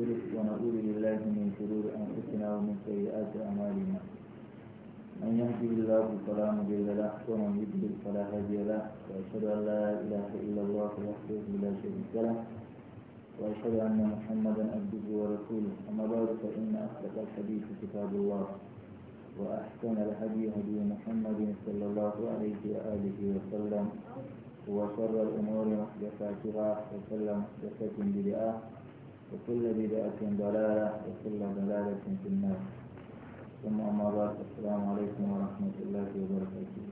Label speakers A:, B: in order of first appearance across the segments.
A: ونستغفره ونعوذ بالله من شرور أنفسنا ومن سيئات أعمالنا من يهدي الله فلا مضل له ومن يضلل فلا هادي له وأشهد أن لا إله إلا الله وحده لا شريك له وأشهد أن محمدا عبده ورسوله أما بعد فإن أصدق الحديث كتاب الله وأحسن الهدي هدي محمد صلى الله عليه وآله وسلم وشر الأمور محدثاتها وكل محدثة بدعة وكل بدعة ضلالة وكل ضلالة في النار ثم أما بعد السلام عليكم ورحمة الله وبركاته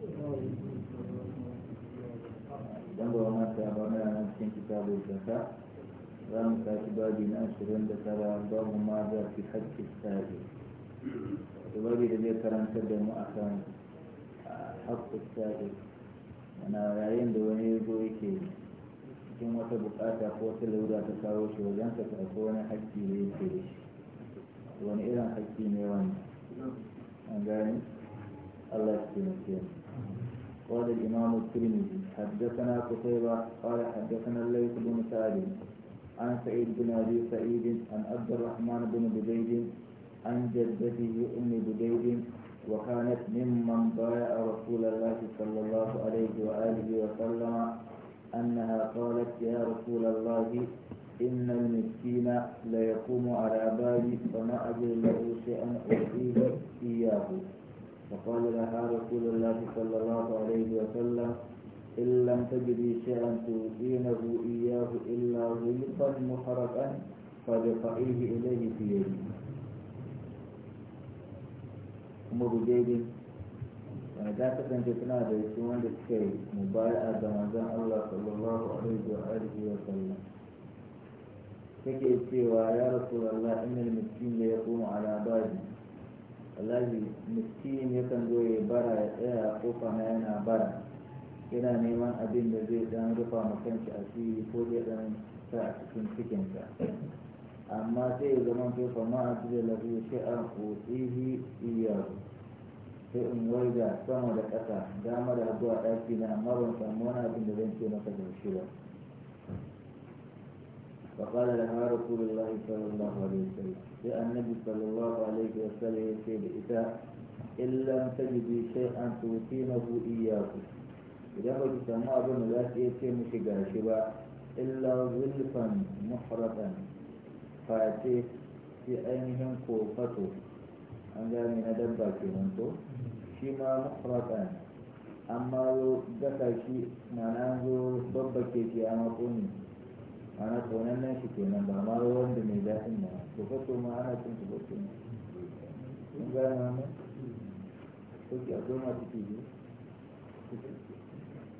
A: جنب وما تابعنا أن نسكن كتاب الزكاة رام كاتبادي ناشر عند ترى الله ماذا في حج السائل تبادي لدي ترى انتبه مؤخرا حق السائل أنا رأيين دواني يقول cikin wata bukata ko wata laura ta kawo shi wajen ka ko wani haƙƙi ne yake da shi wani irin haƙƙi ne wani an gani Allah ya taimake mu قال الإمام الترمذي حدثنا قتيبة قال حدثنا الليث بن سعد عن سعيد بن أبي سعيد عن عبد الرحمن بن بديد عن جدته أم بديد وكانت ممن بايع رسول الله صلى الله عليه وآله وسلم أنها قالت يا رسول الله إن المسكين ليقوم على بالي فما أجر له شيئا أعطيه إياه فقال لها رسول الله صلى الله عليه وسلم إن لم تجدي شيئا تؤتينه إياه إلا غلقا محرقا فلقائه إليه في يدي بجيب za ta kasance tana da yake wanda suka yi a ga manzon Allah sallallahu alaihi wa alihi wa sallam take cewa ya rasulullah innal miskin la yaqumu ala babi wallahi miskin yakan zo ya bara ya tsaya kofa na yana bara yana neman abin da zai dan rufa ma a asiri ko zai dan sa a cikin sa amma sai ya zama to fa cikin da lahu shay'an utihi sai in waiga sama da ƙasa dama da hagu a ɗaki na amma ban samu abin da zan ce maka da shi ba فقال لها رسول الله صلى الله عليه وسلم جاء النبي صلى الله عليه وسلم يقول إذا إن لم تجدي شيئا توتينه إياك إذا قلت سماء بن لا تيتي مشي شبا إلا ظلفا محرقا فأتي في أينهم كوفته an gane na dabba kenan to shi ma muhrata amma zo daga shi mana zo babba ke shi a makoni ana konannen shi kenan ba ma wanda mai daɗin ba to to ma ana cin su fato ne kun gane wannan ko ki a goma kiji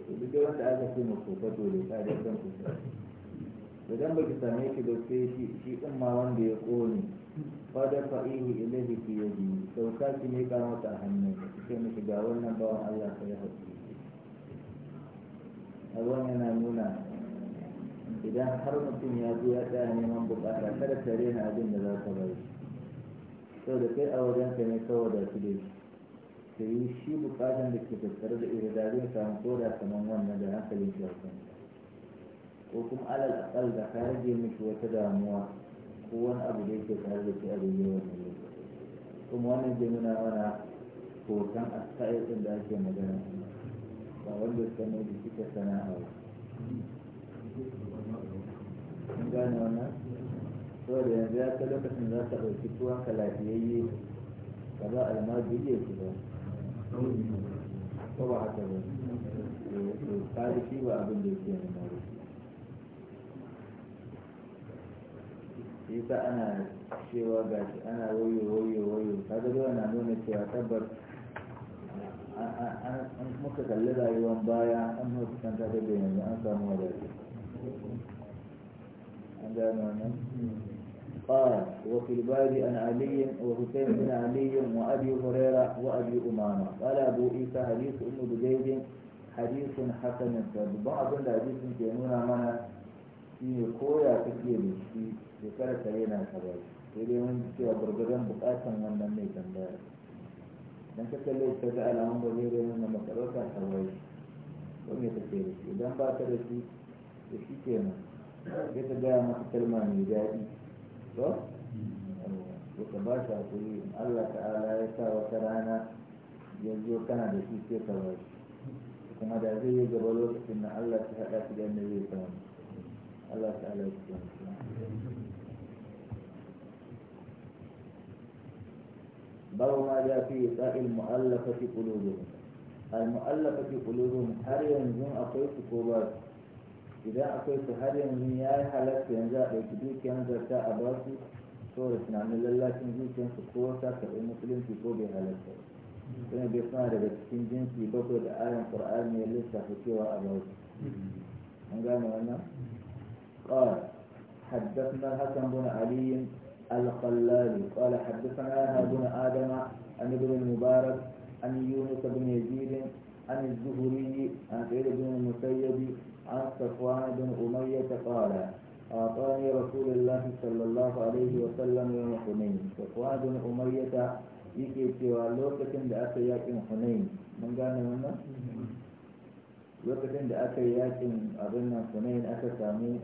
A: duk da wanda aka ce mako fato da kare kan kusa idan baki same shi ba sai shi din ma wanda ya kone fadafa'ini ilaihi fi yadi sauka ki ne ka mata hannu sai miki ga wannan bawan Allah sai yi haƙƙi. Abun yana nuna idan har mutum ya zo ya tsaya neman bukata kada ka rena abin da za ka bari. sau da kai a wajen ka ne kawai da su dai ka yi shi bukatan da ke tattare da irin da zai samu ko da kamar wannan da hankalin shi ko kuma alal akal da ka rage miki wata damuwa ko wani abu da yake tare da shi a daidai wannan lokaci kuma wannan ke nuna mana hoton asa'irin da ake magana ba wanda suka ne da suka sana'a ba an gane wannan saboda yanzu ya ta lokacin za ta ɗauki tuwon ka lafiyayye ka ba almajiri ya ci ba ko ba haka ba eh, to shi ba abin da yake nuna ba إذا أنا شو بس أنا ويو ويو ويو هذا أنا دون شو أعتبر أنا أنا ممكن ألدا يوم بايا أنا ممكن تعتبرني أنا كم هذا عند قال وفي البعد أن علي وحسين بن علي وأبي هريرة وأبي أمامة قال أبو إيسى حديث أم بجيد حديث حسن بعض الحديث يمون منا shine ko ya kake da shi ya kare kare na ka sai dai mun cewa gurgurdan bukatan wannan mai tambaya dan ka kalle ta ga alamun da zai nuna maka ɗauka ta bai ko me kake shi idan ba ka da shi shi shi kenan sai ta gaya masa kalma mai daɗi to ko ka ba shi hakuri in Allah ta'ala ya sa wata rana ya zo kana da shi sai ka kuma da zai yi gaba lokacin na Allah ta haɗa shi da annabi ya samu Allah ta'ala ya babu ma ja fi sa'il mu'allafati qulubuhum al mu'allafati qulubuhum har yanzu akwai su ko ba su idan akwai su har yanzu ya yi halatta yanzu a ɗauki dukiyan zarta a ba su saboda tunanin lallacin zuciyarsu ko ta karɓi musulunci ko bai halatta ba suna bai suna daga cikin jinsi bakwai da ayan qur'ani ya lissafa cewa a ba su an gane wannan قال حدثنا حسن بن علي القلالي قال حدثنا يحيى بن ادم عن ابن المبارك عن يونس بن يزيد عن الزهري عن سعيد بن المسيب عن صفوان بن اميه قال اعطاني رسول الله صلى الله عليه وسلم يوم حنين صفوان بن اميه يكي سوى lokacin da aka حنين من قال gane wannan lokacin da أظن حنين أتى سامي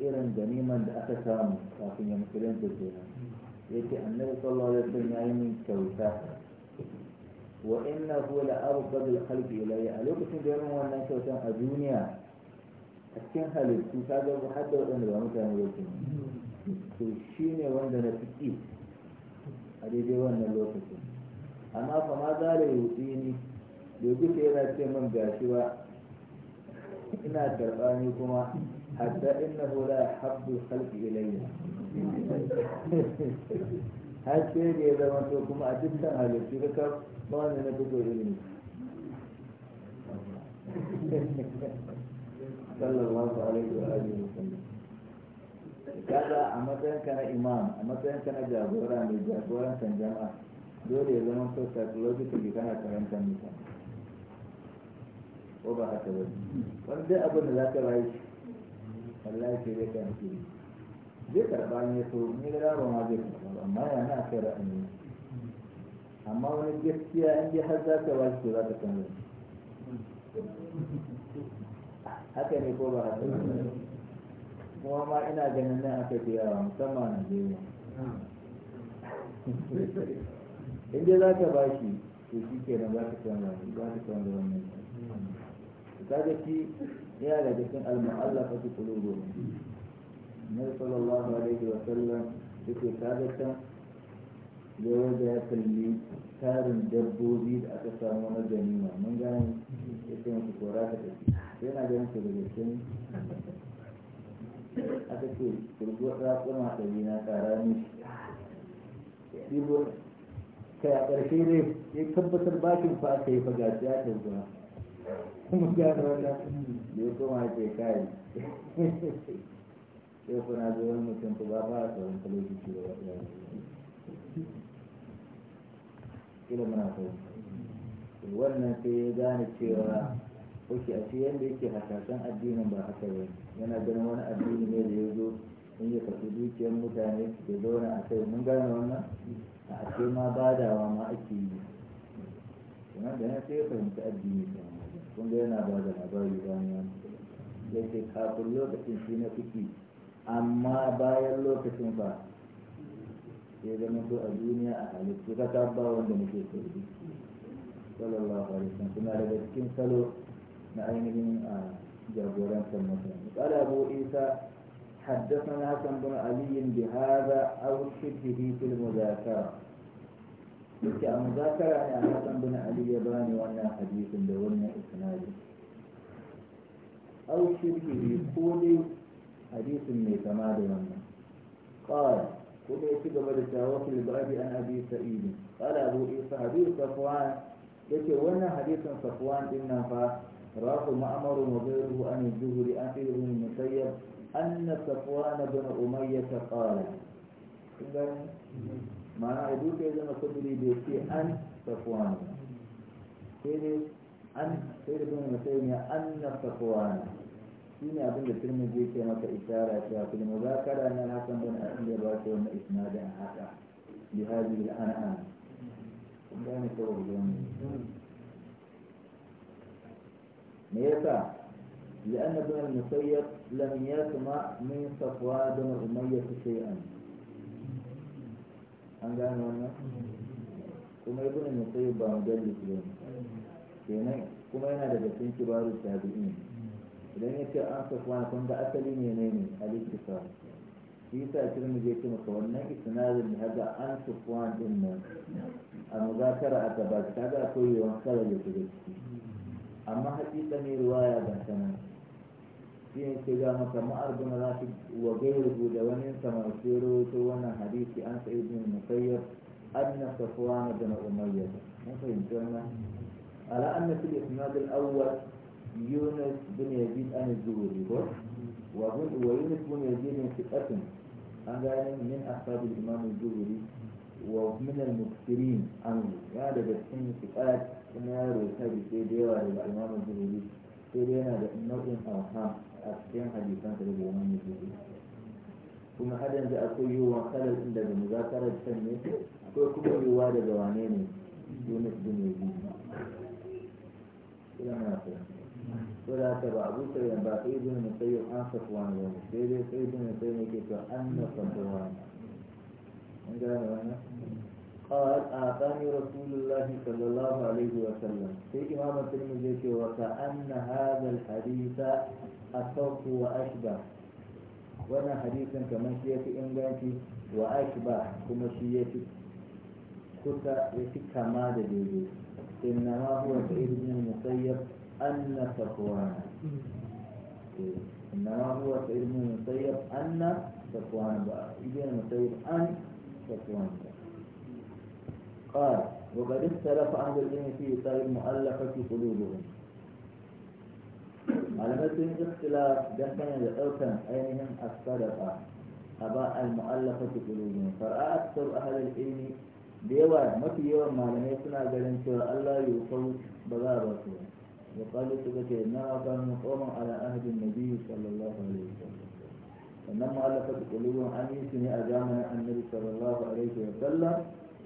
A: irin ganiman da aka samu kafin ya musulunta kenan ya ce annabi sallallahu alaihi wasallam ya yi min kyauta wa inna huwa la al khalqi ilayya a lokacin da yaron wannan kyautan a duniya a cikin halittu ta ga har da waɗanda ba mutane ba ke to shi ne wanda na fi a daidai wannan lokacin amma fa ma za da yutsi ni bai yana ce min gashi ba ina karɓa ni kuma حتى إنه لا أحب الخلق إلينا har sai da ya zama to kuma a dukkan halittu duka ba wanda na fito ilimi sallallahu alaihi wa alihi wa sallam kaga a matsayin ka na imam a matsayin ka na jagora mai jagoran san jama'a dole ya zama to psychologically kana karantar mutane ko ba haka ba wani dai abin da za ka rayu wallahi sai dai ka ake yi zai karɓa ne so ni da dama ma zai karɓa amma yana na kai ra'ayi amma wani gaskiya in dai har za ka ba shi to za ka canza haka ne ko ba haka kuma ma ina ganin nan aka fi yawa musamman a Najeriya in dai za ka ba shi to shi nan za ka canza za ka canza wani. ka ga shi yana da cikin al-mu'allafa fi qulubi Nabi sallallahu alaihi wa sallam yake kaga can da wanda ya kalli tarin dabbobi da aka samu na ganima mun gane yake musu kora ka tafi yana ganin su da cikin aka ce kurguwar raƙuna ɗari na ƙara mishi kai a ƙarshe ne ya tabbatar bakin fa aka yi fagaci ya tabbata kuma gane wannan da ya koma ce kai sai kuna zo wani mutum ku ba fara tsoron talauci ce da wasu yanzu kila muna so wannan sai ya gane cewa kuke a cikin yadda yake hasashen addinin ba haka yau. yana ganin wani addini ne da ya zo in ya karɓi dukiyar mutane da zaune a kai mun gane wannan a ce ma badawa ma ake yi kuma da na sai ya fahimci addini kenan kun ga yana ba da labari bayan ya mutu kafin lokacin shi na fiki amma bayan lokacin ba sai da mutu a duniya a halittu ta ba wanda muke sauri sallallahu alaihi wasallam kuma daga cikin salo na ainihin a jagorantar mutane قال haddasa na حدثنا حسن بن علي بهذا أو شبه في المذاكرة yake a muzakara ne a hasan bin ali ya bani wannan hadisin da wannan isnadin shirki bi ko dai hadisin mai kama da wannan qala ko dai ci gaba da tawakkul babi an abi sa'id qala abu isa hadith safwan yake wannan hadisin safwan din nan fa rafu ma'mar wa ghayruhu an az-zuhri an ibn musayyab anna safwan bin umayyah qala معنى عدوك إذا ما كنت لي بيكي أن صفوان كيدي أن سيد ابن المسيح يا أن صفوان كما أظن الترمي بيكي ما كإشارة اشاره في المذاكرة أن الحسن بن أحمد الباشر من إسناد عن حتى لهذه الآن آن كان يتوقف يومي ميسا لأن ابن المسيح لم يسمع من صفوان بن أمية شيئا an gane wannan kuma ibn musayyib ba mujallis ba kenan kuma yana daga cikin kibaru tabi'in idan ya ce an kuma kun ga asali ne ne ne al-ittifaq shi yasa kirin da yake maka wannan isnadin da haka an kuma din nan a muzakara a gaba ta ga koyewa kawai da ciki amma hakika ne ruwaya ba sanan shi ne ke ga maka ma'ar rafi wa gairuhu da wani samar ke rawaito wannan hadisi an sa ibn musayyab anna safwan bin umayyah mun fahimci wannan ala anna fil isnad al awwal yunus bin yazid an az-zuhri wa yunus bin yazid thiqatun an gane min ashab al imam az-zuhri wa min al-muktirin an ya daga cikin thiqat kuma ya sai da yawa daga imam az-zuhri sai dai yana da nau'in awham a cikin hadisan da daga wani mutum kuma akwai yiwuwa kalar inda daga muzakarar can ne akwai kuma yiwuwa daga wane ne yunus bin yabi ina na fahimta ko da haka ba abu sai ba sai ibn musayyib an safwan ne sai dai sai ibn musayyib yake to an safwan an gane wannan قال آتاني رسول الله صلى الله عليه وسلم في إمام الترمذي وكأن هذا الحديث أصوت وأشبه وانا حديثا كما شيئت في إنجانتي وأشبه كما شيئت في كتا كما دليل إنما هو سعيد بن المسيب أن صفوان إنما هو سعيد بن المسيب أن صفوان إذن المسيب أن صفوان قال وقد اختلف أهل العلم في إيثار المؤلفة في قلوبهم malamai sun yi ikhtilaf dangane da ɗaukan ainihin as-sadaqa a ba al-mu'allafa far'a aktaru ahlul ilmi da yawa mafi yawan malamai suna ganin cewa Allah ya kawo ba za a ba su ya kalu suka ce na ban muqaman ala ahdin nabi sallallahu alaihi wasallam ne a zamanin annabi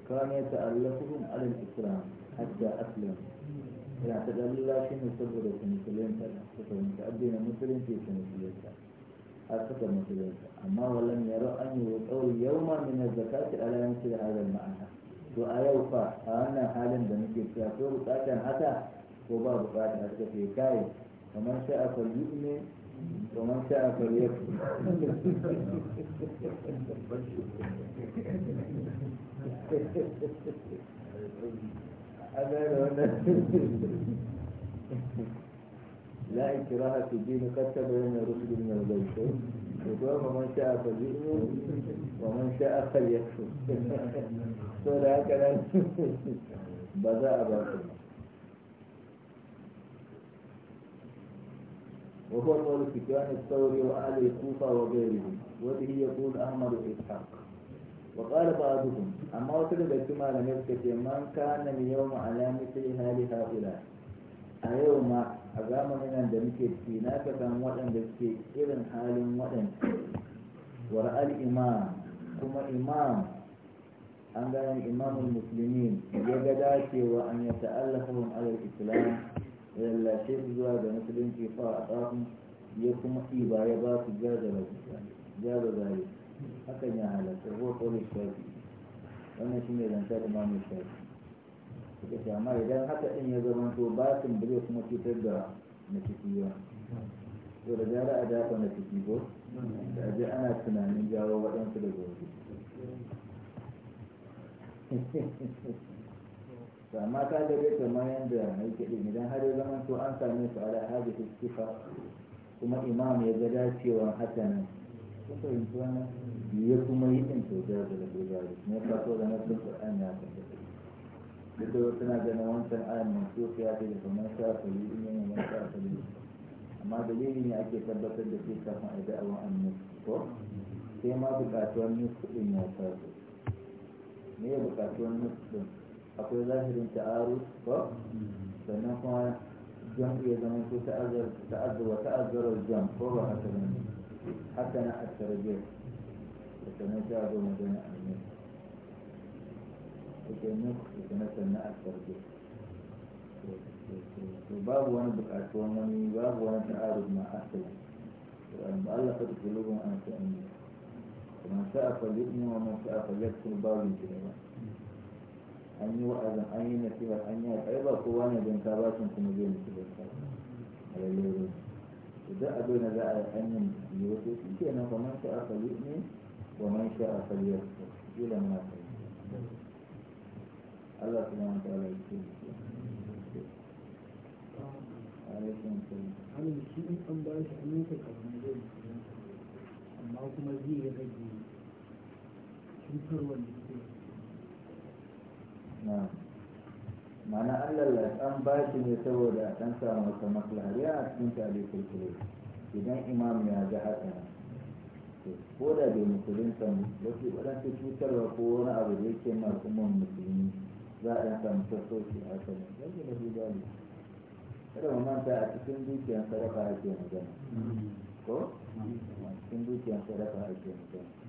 A: كان يتألفهم على الإسلام حتى أسلم يعني تتألف شنو سبب المسلمين تألف متأدين المسلم في المسلمين أسقط المسلمين أما ولم يرى أن يوقعوا يوما من الزكاة على مثل هذا المعنى وآية وفاء أنا حالا بنكي كافر بقاتا حتى وبا بقاتا حتى في كاي ومن شاء فليؤمن ومن شاء فليكفر لا إكراه في الدين قد تبين الرشد من البيتين وقام من شاء فليؤمن ومن شاء فليكفر سورة هكذا باطل وهو قول سكان الثوري وأهل الكوفة وغيرهم وبه يقول أحمد إسحاق wa qala amma wata daga cikin malamai suka ce man kana min yawma ala mithli hali haula a yau ma a zamanin nan da muke ciki na ka waɗanda suke irin halin waɗanda wa ra'al imam kuma imam an gane imamul muslimin ya ga dacewa an ya ta'allaka hum ala islam ya lallashe su zuwa ga musulunci fa a tsafin ya kuma ɗiba ya ba su jaza zai hakan ya halatta ko kone shafi wannan shi ne zanta da mamu shafi suka ce amma idan haka ɗin ya zama to ba da zai kuma cutar da na ciki ba to da gara a dafa na ciki ko da aje ana tunanin jawo waɗansu da gobe to amma ka ga dai kamar yadda yake ɗin idan har ya zama to an same su ala su sifa kuma imam ya ga dacewa haka nan kun fahimci wannan ya kuma yi ɗin to da da da da ne ka so da sun Qur'ani ya kan da duk da wasu na ganin wancan ayan mai so ya ce da kamar sa ta yi in yana mai sa ta yi amma dalilin ne ake tabbatar da shi kafin a da awon nufi ko sai ma bukatuwan nufi ɗin ya sa su me ya buƙatuwar nufi ɗin akwai zahirin ta'aru ko sannan kuma jam iya zama ko ta'azzara ta'azzara jam ko ba haka ne haka na a tarbiyyar daga nan za a zo magana a nan daga nan daga nan sannan a sarge to babu wani bukatuwan wani babu wani ta'arud ma asali amma Allah ka tafi lugun an ta'ani kuma sa'a fa yu'min wa man sa'a fa yakfur babu jira an yi wa'azin an yi nasiha an yi ai ba kowa ne don ka bashin kuma zai mutu da ka a lalle idan abin da za a yi an yi wasu shi ke kenan kuma sa a yi ne ومن شاء فليكفر إلى ما الله سبحانه وتعالى يكفر عليكم السلام هل الشيء أن باش أميك كمان أما كما زي يغيب
B: شنفر والدكتور
A: نعم ma'ana Allah la an ba shi ne saboda a ɗan samu wata maslaha ya a cikin tare kulkule idan imam ya ji haka ko da bai musulunta wasu waɗansu cutarwa ko wani abu da yake ma al'ummar musulmi za a ɗan samu sassauci a hakan yanzu na duba ne kada mu manta a cikin dukiyar sadaka ake magana ko a cikin dukiyar sadaka ake magana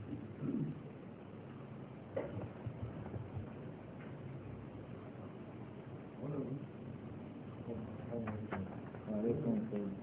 A: Thank you.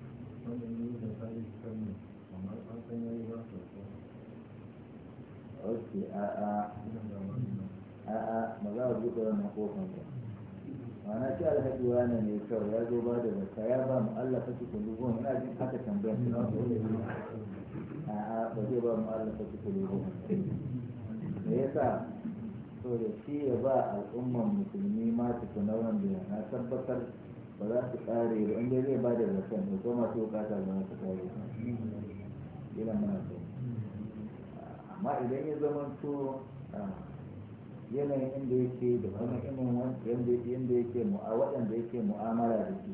A: a'a ba za a buɗe wannan kofar ba ma'ana shi alhaji wani ne kawai ya zo ba da zakka ya ba mu Allah fa cikin rubuwan ina jin haka tambayar su a'a ba zai ba mu Allah fa cikin rubuwan me yasa to da shi ya ba al'umman musulmi ma su na wanda na tabbatar ba za su ƙare ba inda zai ba da zakka ne ko masu bukata ba za su ƙare ba. Ila mana so. amma idan ya zama to ah, yanayin inda yake da kuma irin yanda yake waɗanda yake mu'amala da shi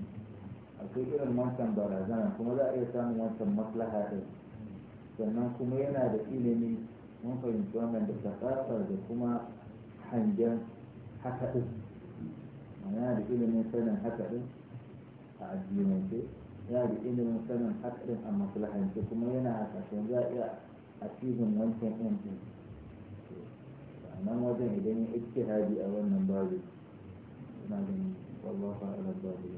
A: akwai irin wancan barazana kuma za a iya samun wancan maslaha ɗin sannan kuma yana da ilimi mun fahimci wannan da takasar da kuma hangen haka ɗin yana da ilimin sanin haka ɗin a addinance yana da ilimin sanin haka ɗin a maslahance kuma yana hasashen za a iya a cikin wancan yan din a nan wajen idan ya ijtihadi a wannan babu ina ganin wallahu a'lam babu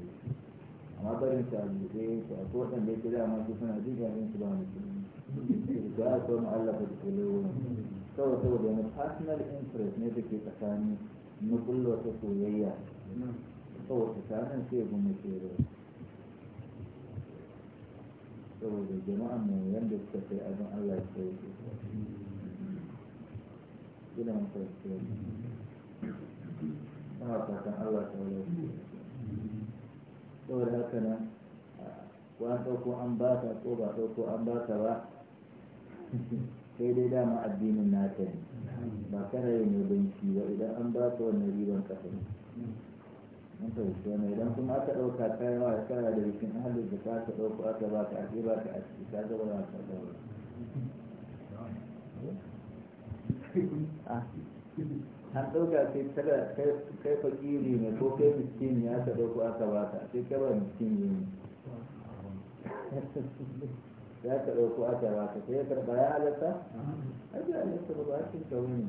A: amma barin sa buɗe su a kowaɗan da yake da amma su suna jin yayin su ba mutum da a so Allah ba su wurin kawai saboda wani personal interest ne da ke tsakani na kullo ta soyayya kawai tsakanin sai ya gumace da saboda jama'a mu yanda suka kai abin Allah ya kai su ina mafarki ana fatan Allah ta wala su saboda haka nan wa ko an ba ta ko ba ɗauko an ba ta ba sai dai dama addinin nata ne ba kare ne banki ba idan an ba ta wannan riban kasa ne mun shi ne idan kuma aka ɗauka tsayawa da tsaya da bikin ahalin da ka ka ɗauko aka ba ka ake ba ka ake ka gaba da ka ɗaura ah. an ɗauka sai kada kai fakiri ne ko kai miskin ne aka ɗauko aka ba ka sai kai ba miskin ne ya ka ɗauko aka ba ka sai ya karɓa ya halatta? Aji halatta ba ba a cikin kawai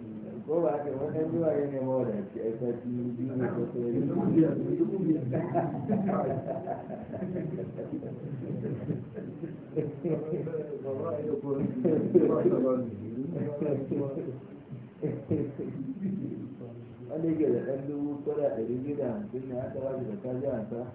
A: ko ba ka wannan zuwa ya ne mawadaci a sati biyu ne ko sai wanda yake da ɗan dubu ɗari biyu da hamsin ne aka hansa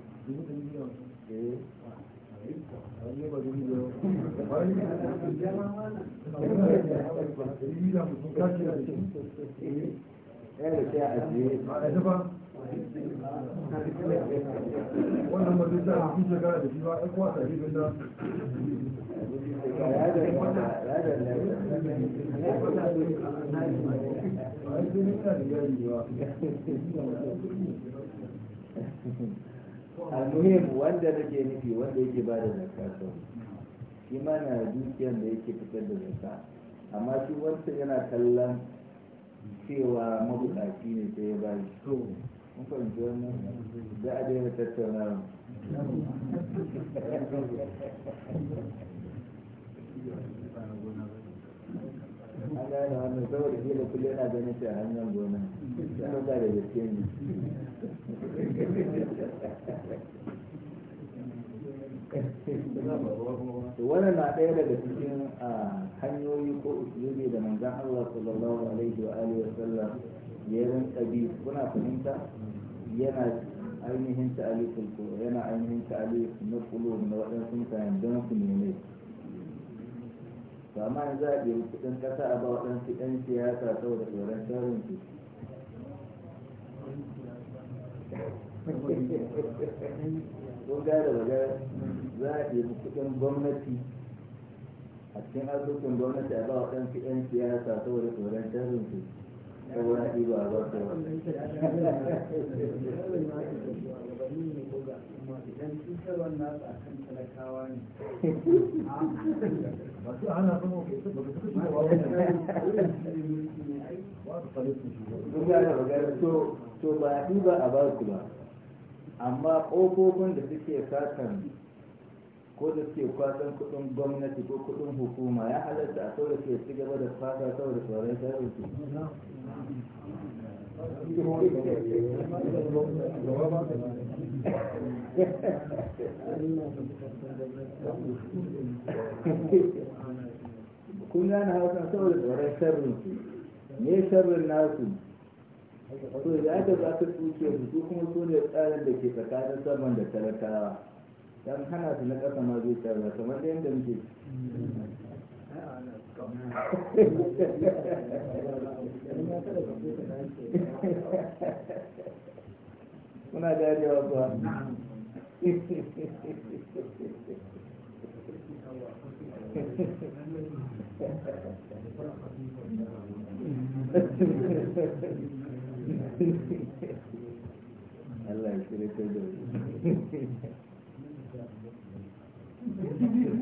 A: wannan mutum da a shekara da a kwata shi bin da almuhim wanda nake nufi wanda yake ba da zakka sau shi ma na dukiyar da yake fitar da zakka amma shi wanda yana kallon cewa mabukaci ne sai ya ba shi mun fahimci wannan za a daina tattauna an gane wannan saboda kullum yana ganin shi a hanyar gona ya da gaske ne wannan na ɗaya daga cikin hanyoyi ko usulubi da manzan Allah sallallahu alaihi wa alihi wa sallam ya yi bi kuna fahimta yana ainihin ta'ali ko yana ainihin ta'alif na kulo na waɗansu mutane don su neme to amma yanzu a ɗaya kuɗin ƙasa a ba waɗansu 'yan siyasa saboda tsoron sharrin su kun da magana za a ɗebi kuɗin gwamnati a cikin arzikin gwamnati a ba wa ɗan siyasa saboda tsoron canzin su to ba a ba ku ba amma ƙofofin da suke sakan ko da suke kwasan kuɗin gwamnati ko kuɗin hukuma ya halatta a sau da ke ci gaba da fata sau da tsoron sarrafi kun na hausa saboda tsoron sharrin me sharrin nasu so da aka za ka tsuke su kuma su ne tsarin da ke tsakanin saman da talakawa dan hana su na ƙasa ma zai tsara kamar da yadda muke kuwa Allah ya da Allah ya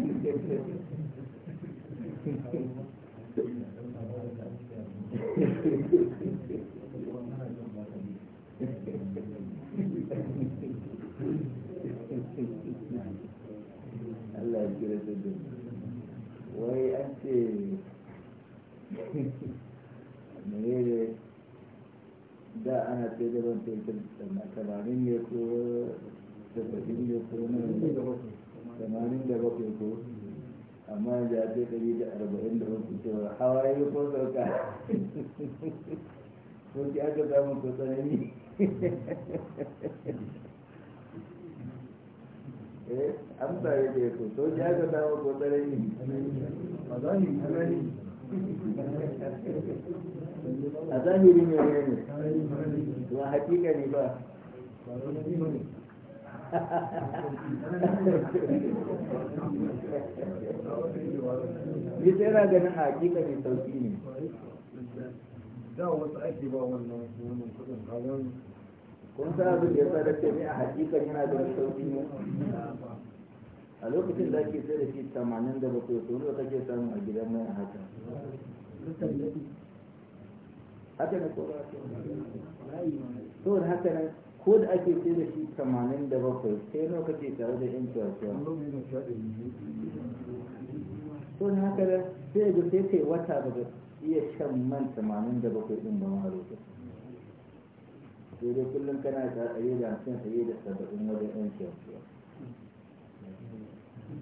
A: kira da wai an ce mere da ana ce da na kamarin ko da bakin ko tamanin da bakwai ko amma yanzu ya ce ɗari da arba'in da bakwai cewa hawa ko sauka sauki aka samu ko tsanani eh amsa ya ce ko sauki aka samu ko tsanani a zahiri a zahiri ne ne to hakika ne ba Ni sai yana ganin hakika mai sauki ne da wasu ake ba wannan kudin kun sa abin da ya sa da ne a hakika yana da sauki ne a lokacin da ake sai da shi tamanin da bakwai to ne kake samu a gidan mai a haka haka ne ko ba haka ne ko da ake sai da shi tamanin da bakwai sai nawa kake tare da yan kyakkyawa ko da haka da sai ga sai kai wata daga iya shan man tamanin da bakwai ɗin ba ma lokacin sai dai kullum kana ta tsaye da hamsin tsaye da saba'in wajen yan kyakkyawa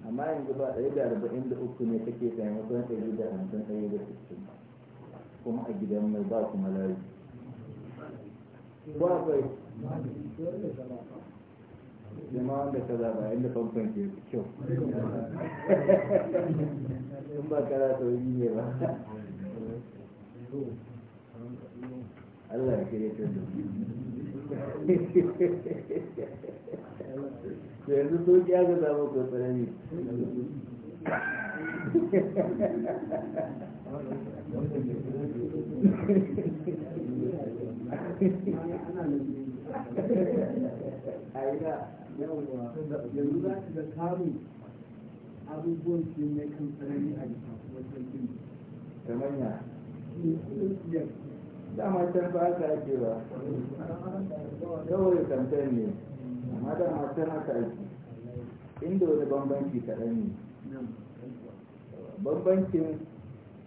A: amma yanzu ba tsaye da arba'in da uku ne kake taimakon tsaye da hamsin tsaye da sittin kuma a gidan mai ba kuma layu ba kai jama'a da kaza ba inda famfan ke kyau in ba sauri ne ba Allah ya kire ta da yanzu so ki aka ko tsanani a ina yanzu za ki ga abubuwan tsanani a dama can ba ta ake ba kawai kamfen ne amma dama can haka ake inda wani bambanci kaɗan ne bambancin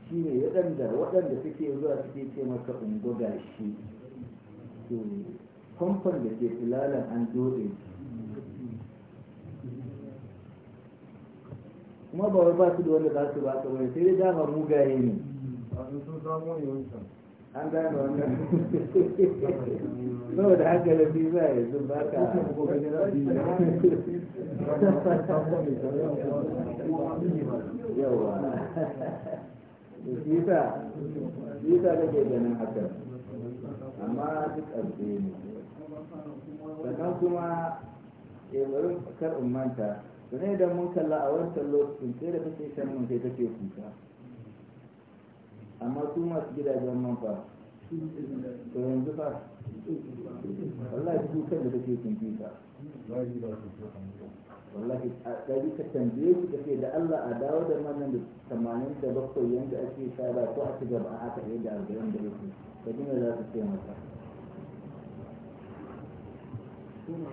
A: shi ne waɗanda waɗanda suke zuwa suke ce maka ungo gashi famfon da ke filalan an dole kuma ba ba su da wanda za su ba ka wani sai dai dama mugaye ne an gane wannan saboda haka da fi za a yanzu ba ka yawa shi sa da ke ganin hakan amma duk ƙarfe ne
B: sannan kuma
A: ya eh, bari kar in manta sannan idan mun kalla a wancan lokacin sai da kake shan mun sai take kuka amma su masu gidajen man fa to yanzu fa wallahi kukan da take kuka wallahi a gari ka tambaye shi kace da Allah a dawo da manan da tamanin da bakwai yanda ake saba ko a ci gaba a haka yadda arba'in da uku ka gina za su ce masa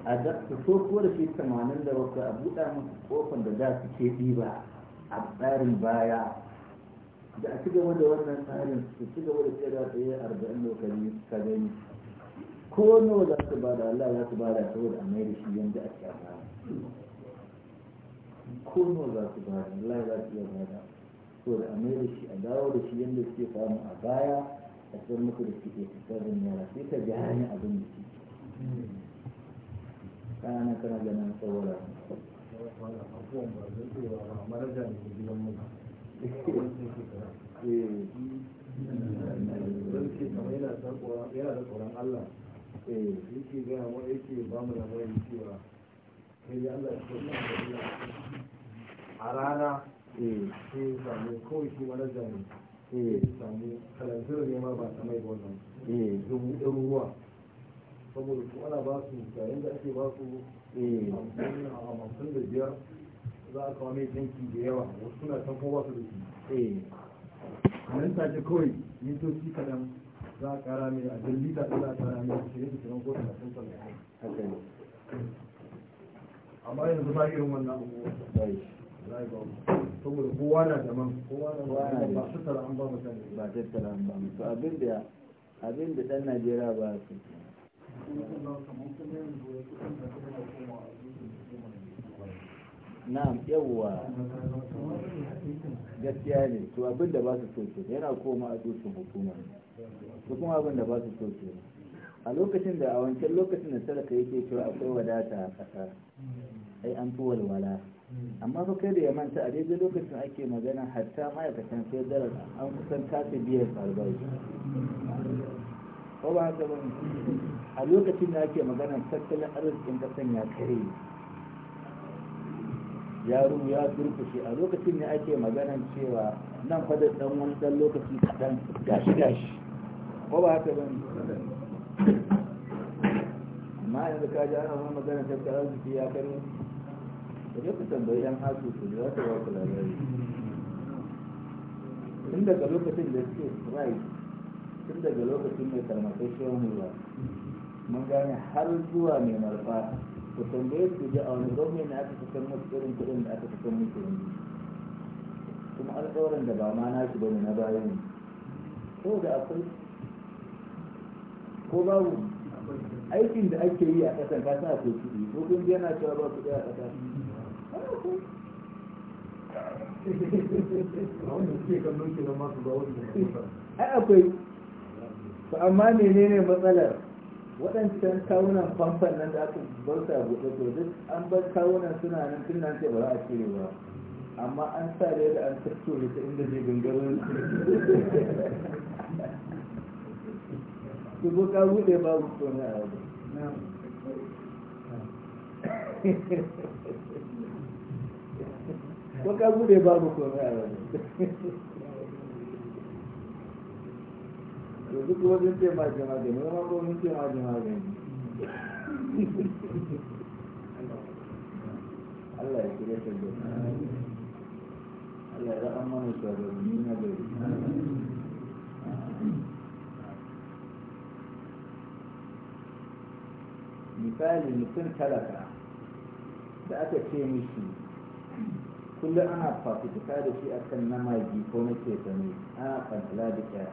A: a da so ko da shi tamanin da wasu a buɗa musu kofan da za su ke ɗiba a tsarin baya da a cigaba da wannan tsarin su cigaba da tsira tsaye arba'in lokaci ka gani ko nawa za su bada Allah za su bada saboda a mai da shi yanda a ba ko nawa za su bada Allah za su iya bada saboda a mai da shi a dawo da shi yanda suke samu a baya a cikin muku da suke tsarin yara sai ka ji hanyar abin da
B: suke
A: kana kana ganin saboda da a rana sai samu kawai shi eh. kalantar ne ma ba ta mai wannan eh. saboda su ana ba su yayin da ake ba su eh. hamsin da biyar za a kawo mai tanki da yawa wasu suna can kowa su da shi eh. a nan take kawai mintoci kaɗan za a ƙara mai a dalita da za a ƙara mai shirin da shirin ko talatin talatin amma yanzu ba irin wannan abubuwa saboda kowa na daban kowa na ba su tara an ba mutane ba tattara an ba musu abin da ɗan najeriya ba su
B: na'am yawwa
A: gaskiya ne to abin da ba su so ke yana koma a dutsen hukumar. su kuma abin da ba su so ke a lokacin da a wancan lokacin da talaka yake cewa akwai wadata a ƙasa ai an fi walwala amma fa kai da ya manta a daidai lokacin ake magana hatta ma'aikatan sai dalar an kusan kasa biyar albarki. ko ba haka ba a lokacin da ake magana tattalin arzikin kasan ya kare yaro ya turkushe a lokacin da ake magana cewa nan fa dan wani dan lokaci kaɗan gashi gashi ko ba haka ba amma yanzu ka ji ana wani magana tattalin arziki ya kare da duk ku tambayi yan hasu su za ta ba ku labari tun daga lokacin da suke strike tun daga lokacin mai kalmatai shehu ba mun gane har zuwa mai marfa ku tambaye ku ji a wani gwamnati na aka fitar musu irin kudin da aka fitar musu yanzu kuma alƙawarin da ba ma na nasu bane na baya ne ko da akwai ko babu aikin da ake yi a ƙasan ka sa ko kuɗi ko kun yana cewa ba kuɗi a ƙasa ai akwai to amma menene matsalar waɗancan kawunan famfan nan da aka bar su a buɗe to duk an bar kawunan suna nan tun nan ce ba za a cire ba amma an sa da yadda an da ta inda zai gangaro su ko ka buɗe babu tsoron a abu ko ka buɗe babu tsoron a abu yanzu kuma sun ce ma jama'a da mai mako sun ce ma jama'a da Allah ya shirya ta da Allah ya ra'an mana shugabanni da gari misali mutum talaka da aka ce mishi kullum ana fafutuka da shi akan na magi ko na ketane ana fantala da kyara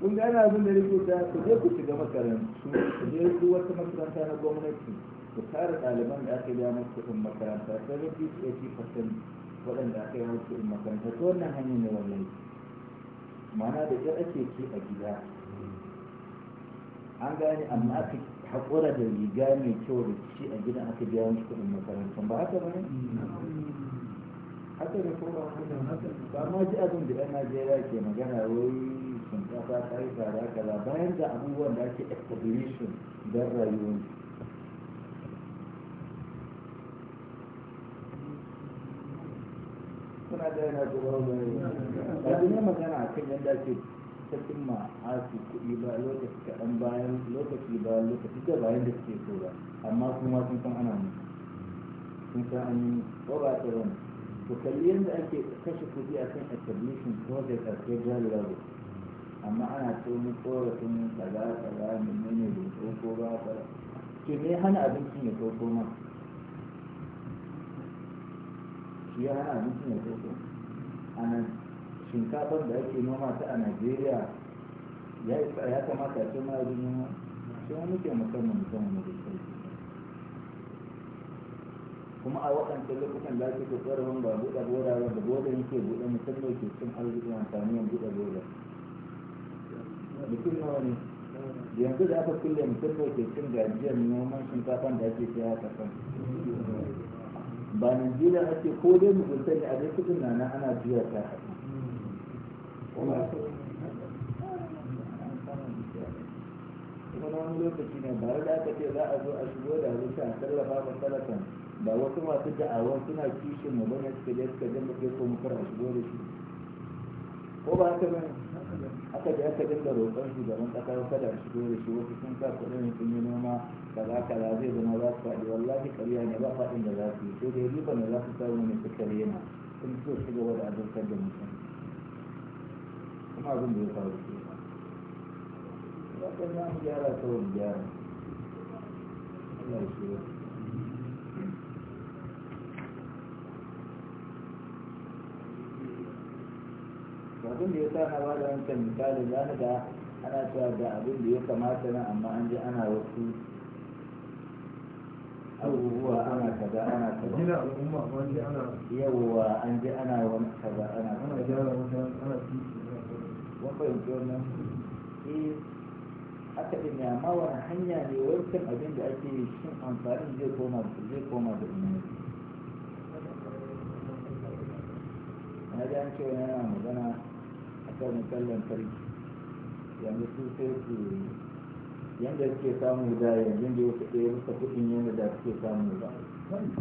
A: kun ga ana abin da rike ta ku je ku shiga makarantu ku je ku wata makaranta na gwamnati ku tara ɗaliban da aka biya musu kuɗin makaranta 70-80% waɗanda aka yi musu kuɗin makaranta ta wannan hanyar ne wannan ma'ana da ƙyar ake ci a gida an gane amma aka haƙura da riga mai kyau da ci a gidan aka biya musu kuɗin makaranta ba haka ba ne haka ne ko ba haka ne ba ma ji abin da ɗan najeriya ke magana wai shinkafa ta yi tsada kaza bayan da abubuwan da ake exploration don rayuwar suna da yana gaba ba ba ne magana a kan yadda ake ta cimma a asu kuɗi ba lokaci kaɗan bayan lokaci ba lokaci da bayan da suke so ba amma kuma sun san ana musu sun san an yi ko ba ta zama وكلمت قالت اكتشفوا دي عشان التبليشن بروجكت ارتجال لو اما انا تقوم كورة من كذا كذا من مني بنقوم كورة كذا كمية هنا ابنتي يتوقو ما كمية هنا ابنتي يتوقو انا shinkafar da ake noma ta a najeriya ya تأتي ما ce ma yi noma sai wani ke kuma a waɗancan lokutan da ake kokarin ba buɗe boda ba da boda yake buɗe musamman ke cin arzikin amfani da buɗe boda mutum nawa ne yanzu da aka kulle musamman ke cin gajiyar noman shinkafan da ake siya a ƙasan ba najeriya ake ko dai mugunta ne a dai kudin na na ana juya ta kuma na wani lokaci ne ba da aka ce za a zo a shigo da abinci a tallafa ba ba wasu masu da'awa suna kishin mu bane suka je suka dinga kai ko mukar a shigo da shi ko ba haka nan aka je aka dinga roƙon shi shugaban ƙasa kada a shigo da shi wasu sun sa kuɗin sun yi noma kaza kaza zai zama za su faɗi wallahi ƙarya ne ba faɗin da za su yi sai dai riba ne za su samu ne suka rena sun so su gaba da azurkar da mutum kuma abin da ya faru ke ba ya kan za mu gyara kawai mu gyara Allah ya shirya abin da ya sa hawa da wancan misalin za ga ana cewa da abin da ya kamata nan amma an ji ana wasu abubuwa ana kaza ana kaza gina al'umma amma an ji ana yawa an je ana wani kaza ana ana gyara wata ana titi wani fahimci wannan eh haka din ne amma wani hanya ne wancan abin da ake yi shin amfani zai koma zai koma da ina na ji an ce wani yana magana kan kallon farki yanzu su sai su yadda suke samu da yanzu da wasu ɗaya bisa kuɗin yadda da suke samu ba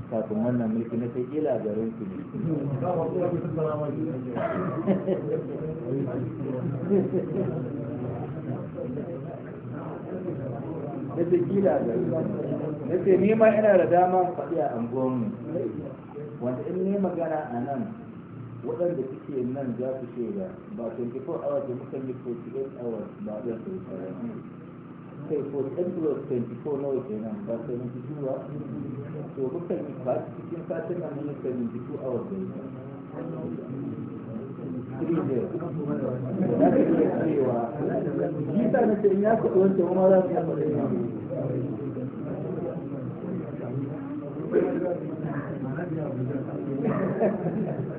A: kafin wannan mulki na ta gila ga su ne na ta
B: kila garin na ce nima
A: ina da dama faɗi a anguwanmu wanda in ni magana a nan waɗanda suke nan za su shaida ba 24 hours da muka yi 48 hours ba da su kai 48 hours 24 nawa kenan ba 72 ba to muka yi ba cikin satin nan ne 72 hours da ita ya ke cewa na ce in ya kuɗi wancan kuma za su da